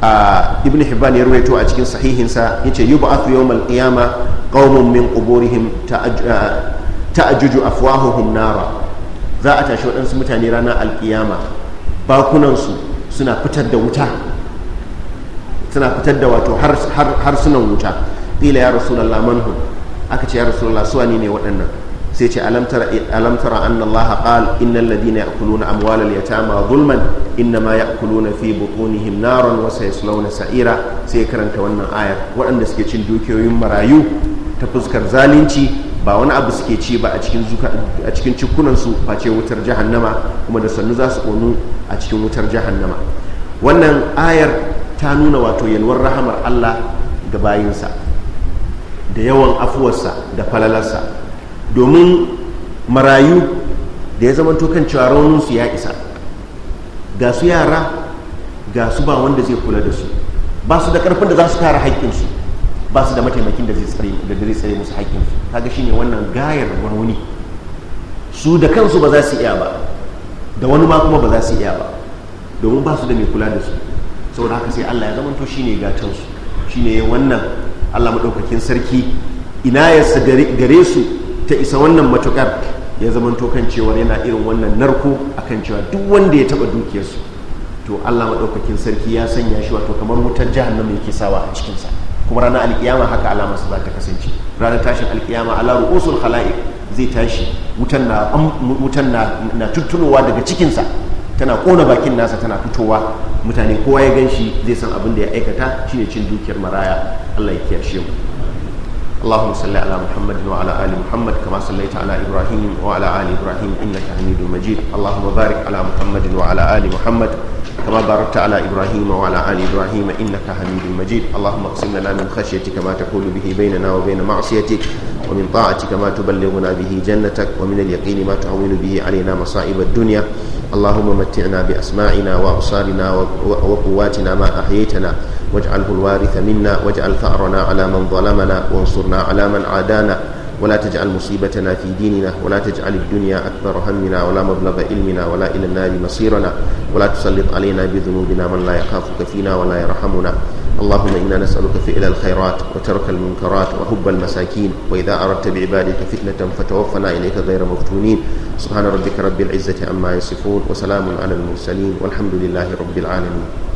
a ibn hibban ya rawaito a cikin sahihinsa yace yub'athu yawmal qiyama qaumun min quburihim ta'ajuju afwahuhum nara za a tashi waɗansu mutane ranar alkiyama bakunansu suna fitar da wuta suna fitar da wato harsunan wuta ƙila ya rasulallah manhum aka ce ya rasulallah suwa ne waɗannan sai ce alamtara an Allah qal innal ladina gulman inna ma zulman innama na fi butunihim naran wa sayaslawna sa'ira sai ya karanta wannan ayar waɗanda suke cin dukiyoyin marayu ta fuskar zalunci ba wani abu suke ci ba a cikin cikunansu face wutar jahannama kuma da sannu za su ƙonu a cikin wutar jahannama wannan ayar ta nuna wato yalwar rahamar allah da bayinsa da yawan afuwarsa da falalarsa domin marayu da ya zama kan cewa rauninsu ya isa ga su yara ga su ba wanda zai kula da su ba su da ƙarfin da za su kare haƙƙinsu ba su da mataimakin da zai tsare musu haƙƙinsu kaga shine wannan gayar rauni su da kansu ba za su iya ba da wani ma kuma ba za su iya ba domin ba su da mai kula da su saboda haka sai Allah ya zamanto shine gatansu shine wannan Allah maɗaukakin sarki ina ya gare su ta isa wannan matukar ya zamanto kan cewar yana irin wannan narko a kan cewa duk wanda ya taɓa dukiyarsu to Allah maɗaukakin sarki ya sanya shi wato kamar wutar jahannama yake sawa a cikinsa kuma ranar alkiyama haka alama su za ta kasance ranar tashin alkiyama ala ru'usul khala'iq zai tashi wutan na wutan na daga cikinsa tana kona bakin nasa tana fitowa mutane kowa ya gan shi zai san abin da ya aikata shine cin dukiyar maraya Allah ya kiyashe mu اللهم صل على محمد وعلى ال محمد كما صليت على ابراهيم وعلى ال ابراهيم انك حميد مجيد اللهم بارك على محمد وعلى ال محمد كما باركت على ابراهيم وعلى ال ابراهيم انك حميد مجيد اللهم اقسم لنا من خشيتك ما تحول به بيننا وبين معصيتك ومن طاعتك ما تبلغنا به جنتك ومن اليقين ما تعون به علينا مصائب الدنيا اللهم متعنا بأسماعنا وأبصارنا وقواتنا ما أحييتنا واجعله الوارث منا واجعل ثأرنا على من ظلمنا وانصرنا على من عادانا ولا تجعل مصيبتنا في ديننا ولا تجعل الدنيا أكبر همنا ولا مبلغ علمنا ولا إلى النار مصيرنا ولا تسلط علينا بذنوبنا من لا يخافك فينا ولا يرحمنا اللهم إنا نسألك فعل الخيرات وترك المنكرات وحب المساكين وإذا أردت بعبادك فتنة فتوفنا إليك غير مفتونين سبحان ربك رب العزة عما يصفون وسلام على المرسلين والحمد لله رب العالمين